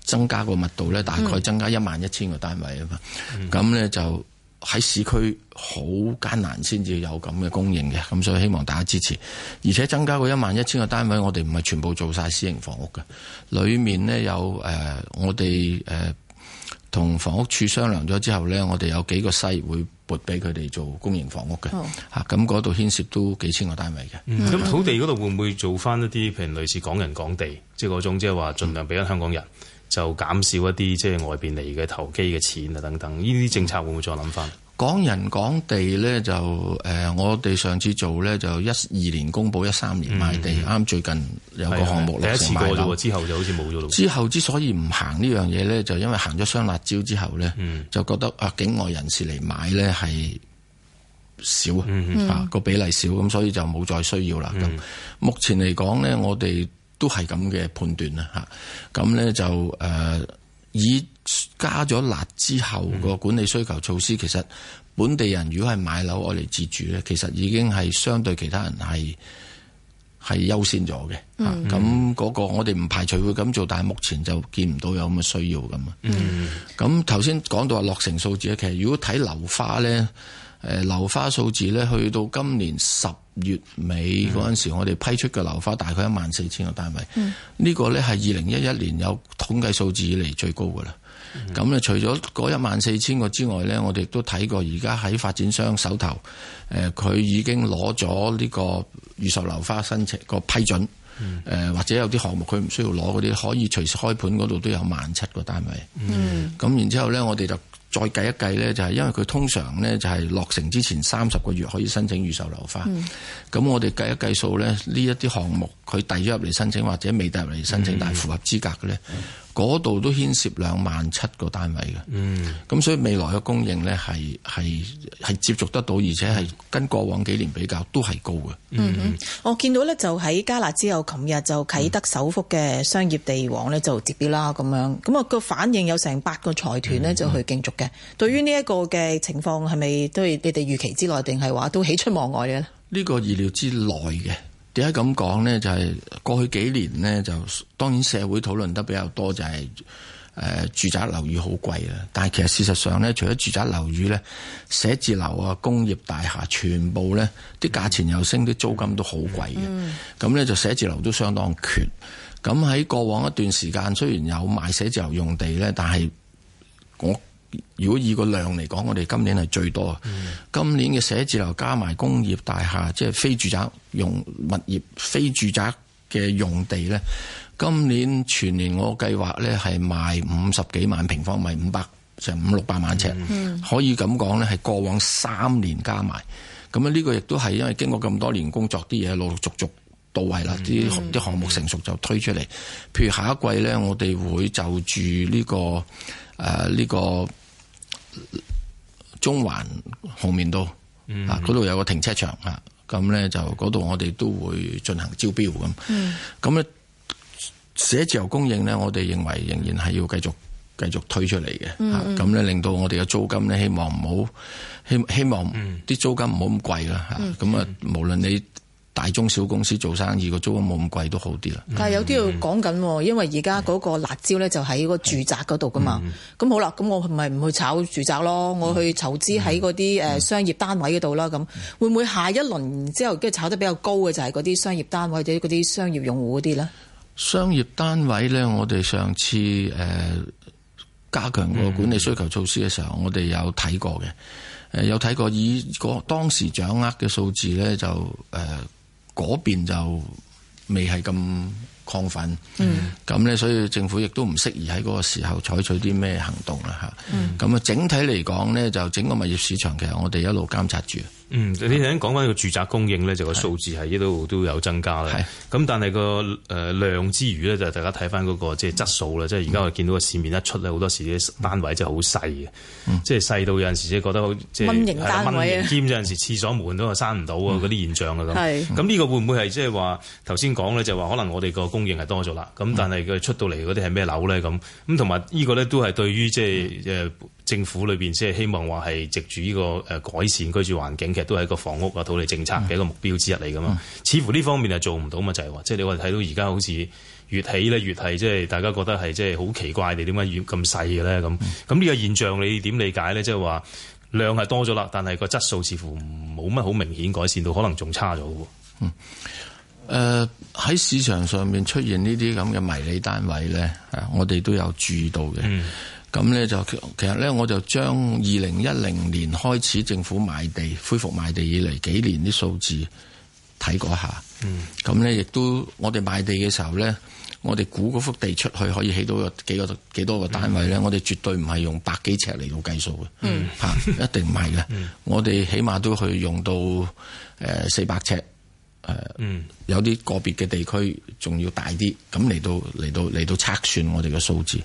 增加個密度咧，大概增加一萬一千個單位啊嘛，咁咧、嗯、就。喺市區好艱難先至有咁嘅供應嘅，咁所以希望大家支持。而且增加嗰一萬一千個單位，我哋唔係全部做晒私營房屋嘅，裡面呢，有、呃、誒，我哋誒同房屋處商量咗之後呢，我哋有幾個西會撥俾佢哋做公營房屋嘅，嚇、嗯。咁嗰度牽涉都幾千個單位嘅。咁、嗯嗯、土地嗰度會唔會做翻一啲，譬如類似港人港地，即係嗰種，即係話盡量俾緊香港人。嗯就減少一啲即係外邊嚟嘅投機嘅錢啊等等，呢啲政策會唔會再諗翻？港人港地咧，就誒、呃，我哋上次做咧，就一二年公佈，一三年賣地，啱、嗯、哼最近有個項目陸續賣啦，第一次過之後就好似冇咗，之後之所以唔行呢樣嘢咧，就因為行咗雙辣招之後咧，嗯、就覺得啊，境外人士嚟買咧係少、嗯、哼啊，個比例少，咁所以就冇再需要啦。咁、嗯、哼目前嚟講咧，我哋。都係咁嘅判斷啦嚇，咁呢就誒以、呃、加咗辣之後個、嗯、管理需求措施，其實本地人如果係買樓愛嚟自住呢，其實已經係相對其他人係係優先咗嘅。嚇，咁嗰個我哋唔排除會咁做，但係目前就見唔到有咁嘅需要咁啊。嗯，咁頭先講到話落成數字咧，其實如果睇樓花呢。誒樓花數字咧，去到今年十月尾嗰陣時候，嗯、我哋批出嘅樓花大概一萬四千個單位，呢、嗯、個呢係二零一一年有統計數字以嚟最高㗎啦。咁咧、嗯，除咗嗰一萬四千個之外呢，我哋都睇過而家喺發展商手頭，佢、呃、已經攞咗呢個預售樓花申請個批准，誒、嗯、或者有啲項目佢唔需要攞嗰啲，可以隨時開盤嗰度都有萬七個單位。咁、嗯嗯、然之後呢，我哋就。再計一計咧，就係因為佢通常咧就係落成之前三十個月可以申請預售樓花，咁，嗯，我哋計一計數咧，呢一啲項目。佢遞咗入嚟申請或者未遞入嚟申請，但係符合資格嘅咧，嗰度都牽涉兩萬七個單位嘅。嗯，咁所以未來嘅供應咧係係係接續得到，而且係跟過往幾年比較都係高嘅。嗯，嗯，我見到咧就喺加辣之後，琴日就啟德首幅嘅商業地王咧就截標啦咁樣。咁、那、啊個反應有成八個財團咧就去競逐嘅。嗯嗯，對於呢一個嘅情況係咪都係你哋預期之內，定係話都喜出望外嘅咧？呢個意料之內嘅。點解咁講呢？就係、是、過去幾年呢，就當然社會討論得比較多，就係、是、誒住宅樓宇好貴啦。但係其實事實上呢，除咗住宅樓宇呢，寫字樓啊、工業大廈，全部呢啲價錢又升，啲租金都好貴嘅。咁呢，就寫字樓都相當缺。咁喺過往一段時間，雖然有賣寫字樓用地呢，但係我。如果以個量嚟講，我哋今年係最多。嗯、今年嘅寫字樓加埋工業大廈，即、就、係、是、非住宅用物業、非住宅嘅用地咧。今年全年我計劃咧係賣五十幾萬平方米，五百成五六百萬尺，可以咁講咧係過往三年加埋。咁啊，呢個亦都係因為經過咁多年工作，啲嘢陸陸續續到位啦，啲啲項目成熟就推出嚟。譬如下一季咧，我哋會就住呢個誒呢個。啊，這個中環紅棉道啊，嗰度、嗯、有個停車場啊，咁咧就嗰度我哋都會進行招標咁，咁咧寫字樓供應咧，我哋認為仍然係要繼續繼續推出嚟嘅，咁咧令到我哋嘅租金咧，希望唔好希希望啲租金唔好咁貴啦，吓咁啊，無論你。大中小公司做生意個租金冇咁貴，都好啲啦。但係有啲要講緊，因為而家嗰個辣招咧就喺嗰個住宅嗰度噶嘛。咁的好啦，咁我咪唔去炒住宅咯，我去投資喺嗰啲誒商業單位嗰度啦。咁的會唔會下一輪之後即係炒得比較高嘅就係嗰啲商業單位或者嗰啲商業用戶嗰啲咧？商業單位咧，我哋上次誒、呃、加強個管理需求措施嘅時候，嗯、我哋有睇過嘅。誒，有睇過以個當時掌握嘅數字咧，就誒。呃嗰邊就未係咁亢奮，咁呢，所以政府亦都唔適宜喺嗰個時候採取啲咩行動啦嚇。咁啊，整體嚟講呢，就整個物業市場其實我哋一路監察住。嗯，你頭先講翻個住宅供應咧，就個數字係一度都有增加咧。咁是但係個誒量之餘咧，就大家睇翻嗰個即係質素啦、嗯、即係而家我見到個市面一出咧，好多時啲單位真係好細嘅，嗯、即係細到有陣時即係覺得好即係，蚊形單位蚊形兼有陣時廁所門都係閂唔到啊嗰啲現象㗎。咁是。咁呢個會唔會係即係話頭先講咧？就話可能我哋個供應係多咗啦。咁、嗯、但係佢出到嚟嗰啲係咩樓咧？咁咁同埋呢個咧都係對於即係誒。嗯政府裏邊即係希望話係藉住呢個誒改善居住環境，其實都係一個房屋啊土地政策嘅一個目標之一嚟噶嘛。嗯、似乎呢方面係做唔到嘛，就係話即係你話睇到而家好似越起咧越係即係大家覺得係即係好奇怪你點解越咁細嘅咧咁。咁呢、嗯、個現象你點理解咧？即係話量係多咗啦，但係個質素似乎冇乜好明顯改善到，可能仲差咗嘅。誒喺、嗯呃、市場上面出現呢啲咁嘅迷你單位咧，我哋都有注意到嘅。嗯咁咧就其實咧，我就將二零一零年開始政府賣地、恢復賣地以嚟幾年啲數字睇過下。咁咧亦都，我哋賣地嘅時候咧，我哋估幅地出去可以起到幾個幾多幾多個單位咧，嗯、我哋絕對唔係用百幾尺嚟到計數嘅，吓、嗯、一定唔係嘅。嗯、我哋起碼都去用到誒四百尺誒，有啲個別嘅地區仲要大啲，咁嚟到嚟到嚟到測算我哋嘅數字。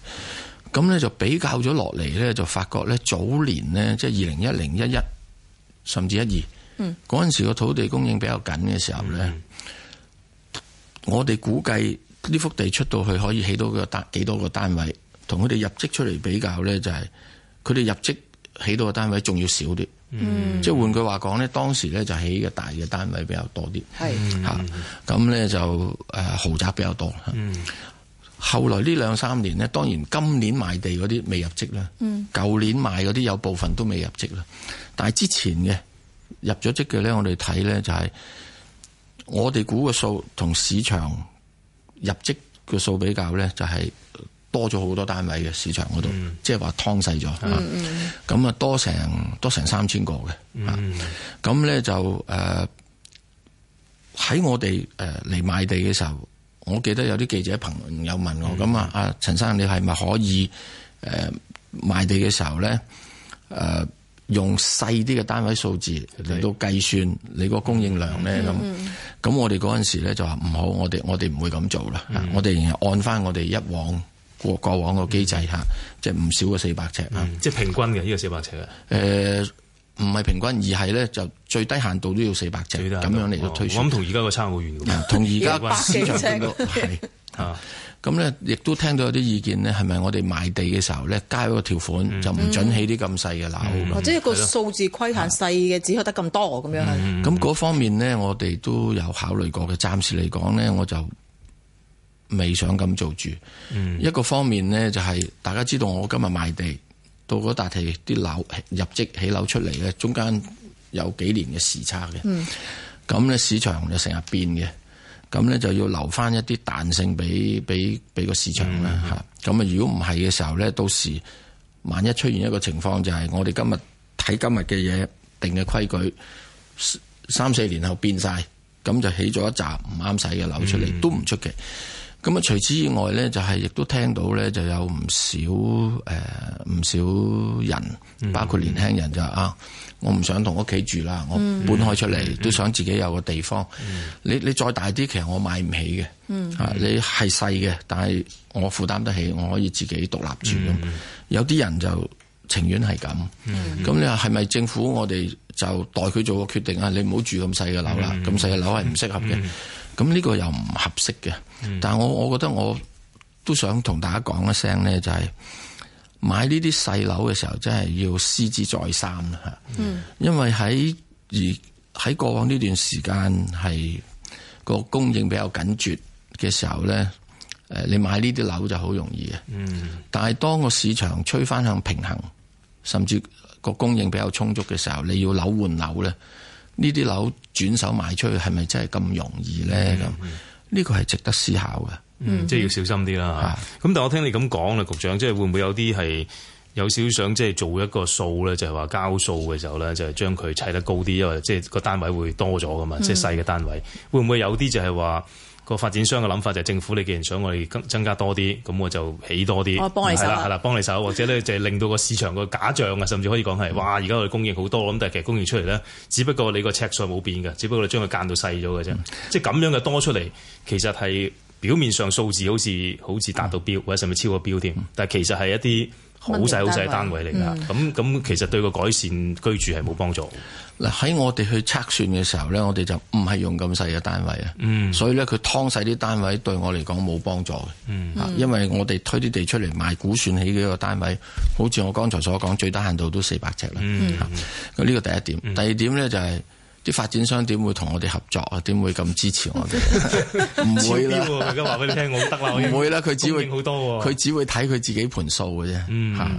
咁咧就比較咗落嚟咧，就發覺咧早年咧，即係二零一零一一甚至一二，嗯，嗰陣時個土地供應比較緊嘅時候咧，嗯、我哋估計呢幅地出到去可以起到個單幾多個單位，同佢哋入職出嚟比較咧，就係佢哋入職起到嘅單位仲要少啲，即係、嗯、換句話講咧，當時咧就起嘅大嘅單位比較多啲，係嚇，咁咧就誒豪宅比較多，嗯。後來呢兩三年呢，當然今年賣地嗰啲未入職啦，舊年賣嗰啲有部分都未入職啦。但係之前嘅入咗職嘅咧，我哋睇咧就係我哋估嘅數同市場入職嘅數比較咧，就係多咗好多單位嘅市場嗰度，嗯、即係話劏細咗。咁啊、嗯嗯、多成多成三千個嘅。咁咧、嗯啊、就誒喺、呃、我哋誒嚟賣地嘅時候。我記得有啲記者朋友問我，咁、嗯、啊，阿陳生你係咪可以誒、呃、賣地嘅時候咧誒、呃、用細啲嘅單位數字嚟、嗯嗯、到計算你個供應量咧？咁咁、嗯嗯、我哋嗰陣時咧就話唔好，我哋我哋唔會咁做啦。我哋仍然按翻我哋一往過過往個機制吓、嗯嗯，即係唔少於四百尺，即係平均嘅呢、這個四百尺誒。嗯唔係平均，而係咧就最低限度都要四百尺，咁樣嚟到推算，我諗同而家個差好遠，同而家市場變咗咁咧，亦都聽到有啲意見呢係咪我哋賣地嘅時候咧加咗個條款，就唔准起啲咁細嘅樓，或者個數字規限細嘅，只可得咁多，咁樣咁嗰方面呢，我哋都有考慮過嘅。暫時嚟講呢，我就未想咁做住。一個方面呢，就係大家知道我今日賣地。到嗰笪地啲樓入職起樓出嚟嘅，中間有幾年嘅時差嘅。咁咧、嗯、市場就成日變嘅，咁咧就要留翻一啲彈性俾俾俾個市場啦。嚇、嗯嗯，咁啊如果唔係嘅時候咧，到時萬一出現一個情況就係我哋今日睇今日嘅嘢定嘅規矩，三四年後變晒，咁就起咗一紮唔啱使嘅樓出嚟，嗯、都唔出奇。咁啊！除此以外咧，就係亦都聽到咧，就有唔少誒唔少人，包括年輕人就啊，我唔想同屋企住啦，我搬開出嚟，都想自己有個地方。你你再大啲，其實我買唔起嘅。啊，你係細嘅，但係我負擔得起，我可以自己獨立住。咁有啲人就情願係咁。咁你話係咪政府我哋就代佢做個決定啊？你唔好住咁細嘅樓啦，咁細嘅樓係唔適合嘅。咁呢個又唔合適嘅，嗯、但我我覺得我都想同大家講一聲呢，就係買呢啲細樓嘅時候真，真係要思之再三。因為喺而喺過往呢段時間係個供應比較緊絀嘅時候呢，你買呢啲樓就好容易嘅。嗯、但係當個市場趨返向平衡，甚至個供應比較充足嘅時候，你要樓換樓呢。呢啲樓轉手賣出去係咪真係咁容易咧？咁呢個係值得思考嘅，嗯，即係要小心啲啦。咁吓但我聽你咁講咧，局長即係會唔會有啲係有少少想即係做一個數咧，就係話交數嘅時候咧，就係將佢砌得高啲，因為即係個單位會多咗噶嘛，即係細嘅單位，嗯，會唔會有啲就係話？個發展商嘅諗法就係政府，你既然想我哋增加多啲，咁我就起多啲。係啦，係啦，幫你手，或者咧就係令到個市場個假象啊，甚至可以講係，哇！而家我哋供應好多，咁但係其實供應出嚟咧，只不過你個尺數冇變嘅，只不過你將佢間到細咗嘅啫。嗯、即係咁樣嘅多出嚟，其實係表面上數字好似好似達到標，或者甚至超過標添。嗯、但其實係一啲好細好細單位嚟㗎。咁咁、嗯、其實對個改善居住係冇幫助。嗱，喺我哋去測算嘅時候咧，我哋就唔係用咁細嘅單位啊，嗯、所以咧，佢劏細啲單位對我嚟講冇幫助嘅，啊、嗯，因為我哋推啲地出嚟賣，估算起嘅一個單位，好似我剛才所講，最低限度都四百尺啦，咁呢、嗯嗯、個第一點，第二點咧就係、是。嗯啲發展商點會同我哋合作啊？點會咁支持我哋？唔 會啦，大家話俾你聽，我得啦，我唔會啦。佢只會佢 只會睇佢自己盤數嘅啫。嚇、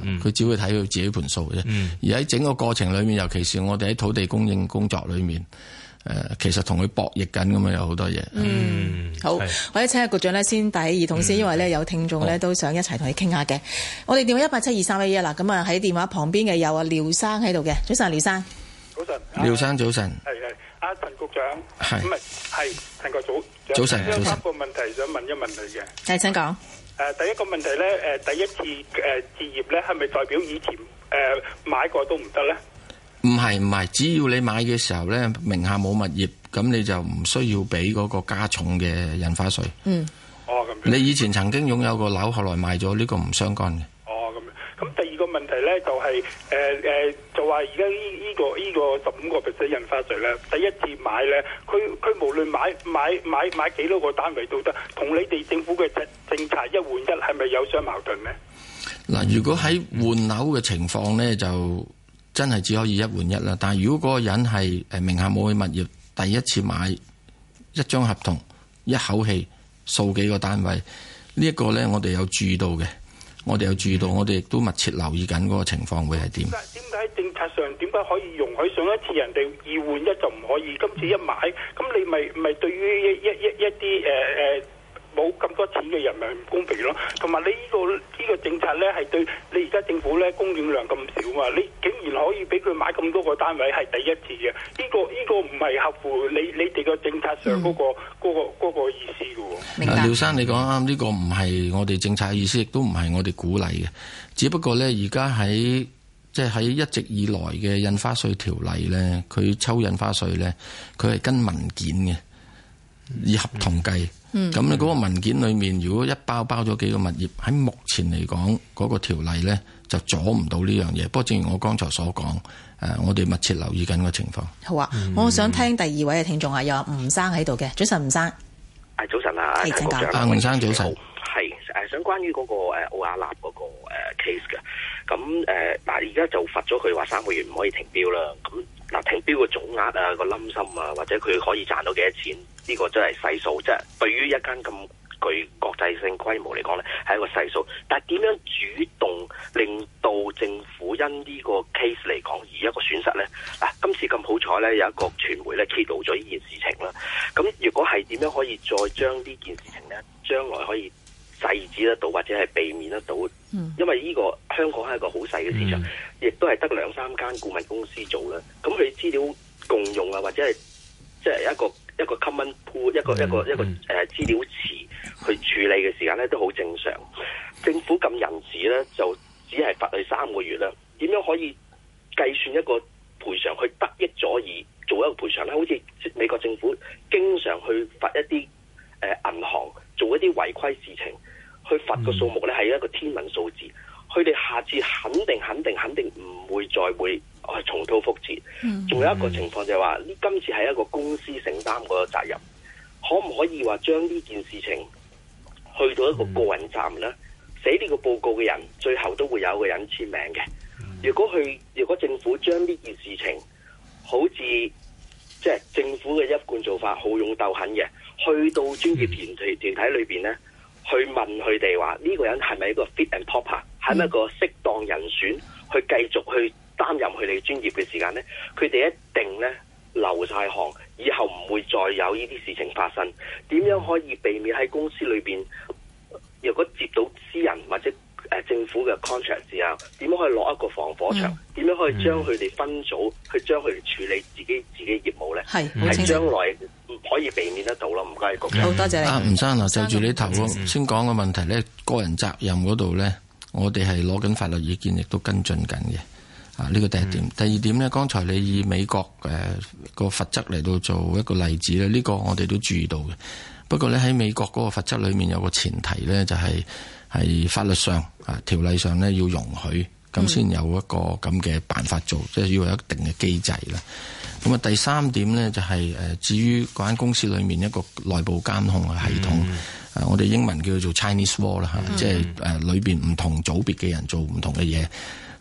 嗯，佢、嗯、只會睇佢自己盤數嘅啫。嗯、而喺整個過程裡面，尤其是我哋喺土地供應工作裡面，誒、呃，其實同佢博弈緊咁樣，有好多嘢。嗯，是好，我哋請下局長咧先帶起耳筒先，嗯、因為咧有聽眾咧、嗯、都想一齊同你傾下嘅。好我哋電話一八七二三一一啦，咁啊喺電話旁邊嘅有阿廖生喺度嘅，早晨，廖生。早晨，廖生早晨。係係阿陳局長，係唔係？係陳局早。早晨，早晨。有一個問題想問一問你嘅。係，請講。誒，第一個問題咧，誒，第一次誒置業咧，係咪代表以前誒買過都唔得咧？唔係唔係，只要你買嘅時候咧，名下冇物業，咁你就唔需要俾嗰個加重嘅印花稅。嗯，哦咁樣。你以前曾經擁有個樓，後來賣咗呢個唔相干嘅。哦咁樣。咁第二個問題咧，就係誒誒。就話而家呢依個依個十五個 percent 印花稅呢，第一次買呢，佢佢無論買買買買幾多個單位都得，同你哋政府嘅政策一換一，係咪有相矛盾呢？嗱、嗯，嗯、如果喺換樓嘅情況呢，就真係只可以一換一啦。但係如果嗰個人係名下冇嘅物業，第一次買一張合同一口氣數幾個單位，呢、這、一個呢，我哋有注意到嘅，我哋有注意到，嗯、我哋亦都密切留意緊嗰個情況會係點？點解？上，點解可以容許上一次人哋二換一就唔可以，今次一買，咁你咪咪對於一一一啲誒誒冇咁多錢嘅人咪唔公平咯？同埋你呢個呢個政策咧係對你而家政府咧供應量咁少啊。你竟然可以俾佢買咁多個單位係第一次嘅，呢個呢個唔係合乎你你哋個政策上嗰個嗰個、嗯、嗰個意思嘅㗎。廖生，你講啱，呢個唔係我哋政策的意思，亦都唔係我哋鼓勵嘅，只不過咧而家喺。即係喺一直以來嘅印花稅條例咧，佢抽印花稅咧，佢係跟文件嘅，以合同計。咁你嗰個文件裏面，如果一包包咗幾個物業，喺目前嚟講，嗰個條例咧就阻唔到呢樣嘢。不過正如我剛才所講，誒，我哋密切留意緊個情況。好啊，我想聽第二位嘅聽眾啊，有吳生喺度嘅，早晨，吳生。誒安，早晨啊，吳生早晨。誒想關於嗰個誒奧亞納嗰個 case 㗎，咁誒嗱而家就罰咗佢話三個月唔可以停標啦。咁嗱停標個總額啊、個冧心啊，或者佢可以賺到幾多錢？呢個真係細數，即係對於一間咁具國際性規模嚟講咧，係一個細數。但點樣主動令到政府因呢個 case 嚟講而一個損失咧？嗱、啊，今次咁好彩咧，有一個傳媒咧揭露咗呢件事情啦。咁如果係點樣可以再將呢件事情咧，將來可以？制止得到或者係避免得到，嗯、因為呢、這個香港係一個好細嘅市場，亦都係得兩三間顧問公司做啦。咁佢資料共用啊，或者係即係一個一個 common pool，一個、嗯、一個、嗯、一個誒資料池去處理嘅時間咧，都好正常。嗯、政府咁仁慈咧，就只係罰佢三個月啦。點樣可以計算一個賠償？去得益咗而做一個賠償咧，好似美國政府經常去罰一啲誒銀行做一啲違規事情。去罰個數目咧係一個天文數字，佢哋、嗯、下次肯定、肯定、肯定唔會再會重蹈覆轍。仲、嗯、有一個情況就係話，呢今次係一個公司承擔個責任，可唔可以話將呢件事情去到一個個人站呢？寫呢、嗯、個報告嘅人，最後都會有個人簽名嘅。如果去如果政府將呢件事情，好似即係政府嘅一貫做法，好勇鬥狠嘅，去到專業團團團體裏邊呢去問佢哋話呢個人係咪一個 fit and proper，係咪一個適當人選去繼續去擔任佢哋專業嘅時間呢？佢哋一定呢留晒行，以後唔會再有呢啲事情發生。點樣可以避免喺公司裏邊，如果接到私人或者？誒，政府嘅 contract 之後，點樣可以落一個防火牆？點樣、嗯、可以將佢哋分組、嗯、去將佢哋處理自己自己業務咧？係係將來可以避免得到咯。唔該，局長，好多謝，謝。啊，吳生啊，就住你頭先講生嘅問題咧，個人責任嗰度咧，我哋係攞緊法律意見，亦都跟進緊嘅。啊，呢個第一點，嗯、第二點咧，剛才你以美國誒個法則嚟到做一個例子咧，呢、呢個我哋都注意到嘅。不過咧喺美國嗰個法則裏面有個前提咧、就係，就係。係法律上啊，條例上咧要容許咁先有一個咁嘅辦法做，嗯、即係要有一定嘅機制啦。咁啊第三點咧就係、是、誒、啊，至於嗰間公司裏面一個內部監控嘅系統，嗯啊、我哋英文叫做 Chinese Wall 啦、啊、嚇，嗯、即係誒裏邊唔同組別嘅人做唔同嘅嘢，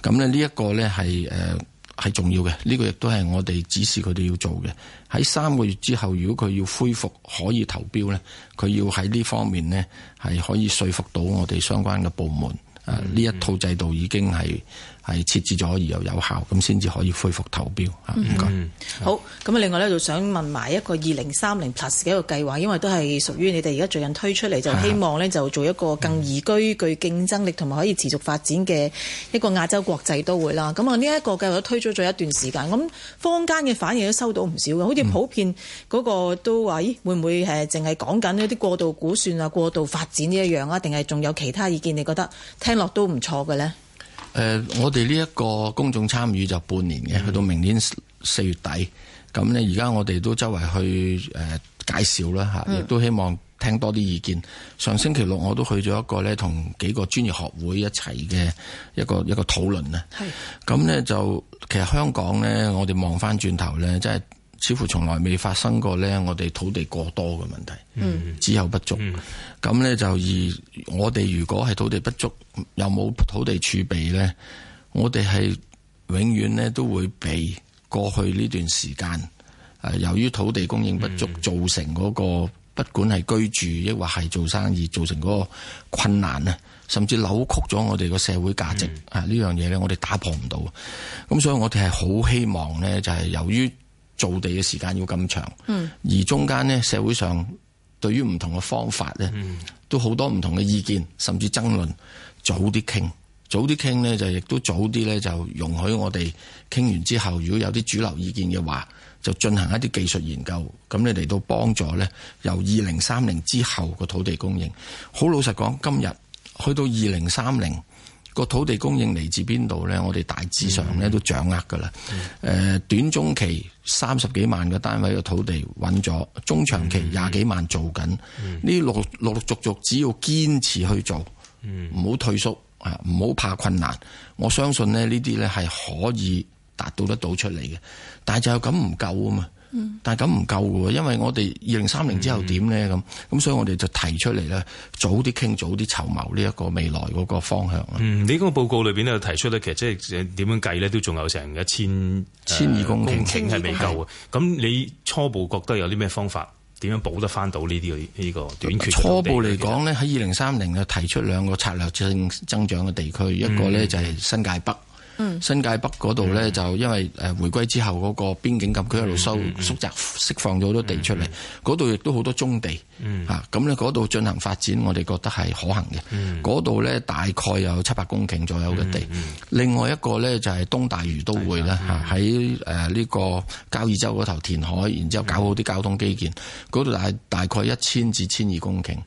咁、啊、咧、這個、呢一個咧係誒。係重要嘅，呢、這個亦都係我哋指示佢哋要做嘅。喺三個月之後，如果佢要恢復可以投標。呢，佢要喺呢方面呢，係可以說服到我哋相關嘅部門。誒、嗯嗯，呢、啊、一套制度已經係。係設置咗而又有效，咁先至可以恢復投標吓唔、嗯、該。嗯、好咁另外呢，就想問埋一,一個二零三零 plus 嘅一個計劃，因為都係屬於你哋而家最近推出嚟，的就希望呢，就做一個更宜居、嗯、具競爭力同埋可以持續發展嘅一個亞洲國際都會啦。咁啊，呢一個計劃都推出咗一段時間，咁坊間嘅反應都收到唔少嘅，好似普遍嗰個都話：咦，會唔會淨係講緊嗰啲過度估算啊、過度發展呢一樣啊？定係仲有其他意見？你覺得聽落都唔錯嘅呢？誒、呃，我哋呢一個公眾參與就半年嘅，去到明年四月底。咁呢、嗯，而家我哋都周圍去誒、呃、介紹啦，嚇、嗯，亦都希望聽多啲意見。上星期六我都去咗一個呢同幾個專業學會一齊嘅一個一個，一個討論啊。咁是呢就其實香港呢，我哋望翻轉頭呢，即係。似乎從來未發生過咧，我哋土地過多嘅問題，嗯，只有不足。咁咧就以我哋如果係土地不足，又冇土地儲備咧，我哋係永遠咧都會被過去呢段時間誒，由於土地供應不足，嗯、造成嗰、嗰個，不管係居住抑或係做生意，造成嗰個困難啊，甚至扭曲咗我哋個社會價值啊呢樣嘢咧，嗯、我哋打破唔到。咁所以，我哋係好希望咧，就係由於。造地嘅時間要咁長，而中間呢，社會上對於唔同嘅方法呢，都好多唔同嘅意見，甚至爭論。早啲傾，早啲傾呢，就亦都早啲呢，就容許我哋傾完之後，如果有啲主流意見嘅話，就進行一啲技術研究，咁你嚟到幫助呢，由二零三零之後個土地供應。好老實講，今日去到二零三零。個土地供應嚟自邊度咧？我哋大致上咧都掌握㗎啦。誒，短中期三十幾萬嘅單位嘅土地搵咗，中長期廿幾萬做緊。呢啲陸陸續續，只要堅持去做，唔好退縮啊！唔好怕困難，我相信咧呢啲咧係可以達到得到出嚟嘅。但係就咁唔夠啊嘛～嗯、但係咁唔夠嘅，因為我哋二零三零之後點呢？咁、嗯，咁所以我哋就提出嚟咧，早啲傾，早啲籌謀呢一個未來嗰個方向。嗯，你嗰個報告裏邊呢，就提出咧，其實即係點樣計呢？都仲有成一千、啊、千二公頃係未夠嘅。咁你初步覺得有啲咩方法，點樣補得翻到呢啲呢個短缺？初步嚟講呢，喺二零三零就提出兩個策略性增長嘅地區，嗯、一個呢就係新界北。嗯、新界北嗰度咧，就因為誒回歸之後嗰個邊境禁區一路收縮窄，釋放咗好多地出嚟。嗰度亦都好多棕地嚇，咁咧嗰度進行發展，我哋覺得係可行嘅。嗰度咧大概有七百公頃左右嘅地，嗯嗯嗯。另外一個咧就係東大嶼都會啦，喺誒呢個交易洲嗰頭填海，然之後搞好啲交通基建。嗰度大大概一千至千二公頃。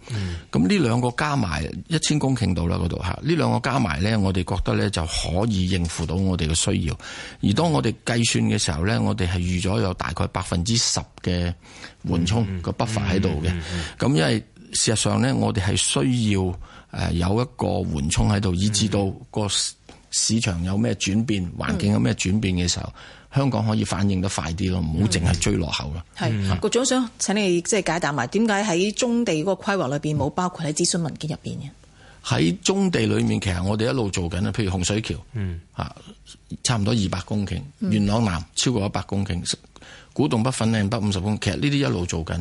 咁呢兩個加埋一千公頃到啦，嗰度吓呢兩個加埋咧，我哋覺得咧就可以應付。付到我哋嘅需要，而當我哋計算嘅時候咧，我哋係預咗有大概百分之十嘅緩衝個 buffer 喺度嘅。咁因為事實上咧，我哋係需要誒有一個緩衝喺度，以至到個市場有咩轉變、環境有咩轉變嘅時候，mm hmm. 香港可以反應得快啲咯，唔好淨係追落後咯。係，mm hmm. 局長想請你即係解答埋點解喺中地嗰個規劃裏邊冇包括喺諮詢文件入邊嘅。喺棕地裏面，其實我哋一路做緊啦，譬如洪水橋，嚇、嗯、差唔多二百公頃，元朗南超過一百公頃，古洞北粉嶺北五十公頃，其實呢啲一路做緊，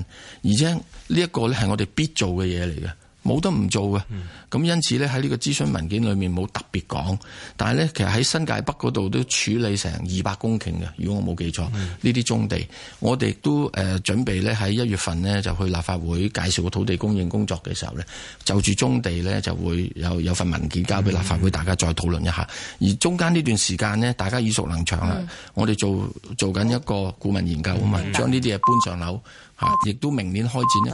而且呢一個咧係我哋必做嘅嘢嚟嘅。冇得唔做嘅，咁、嗯、因此咧喺呢個諮詢文件裏面冇特別講，但係咧其實喺新界北嗰度都處理成二百公頃嘅，如果我冇記錯呢啲棕地，我哋都誒準備咧喺一月份咧就去立法會介紹個土地供應工作嘅時候咧，就住棕地咧就會有有份文件交俾立法會大家再討論一下，嗯、而中間呢段時間咧大家耳熟能詳啦，嗯、我哋做做緊一個顧問研究啊嘛，將呢啲嘢搬上樓吓，亦、嗯、都明年開展。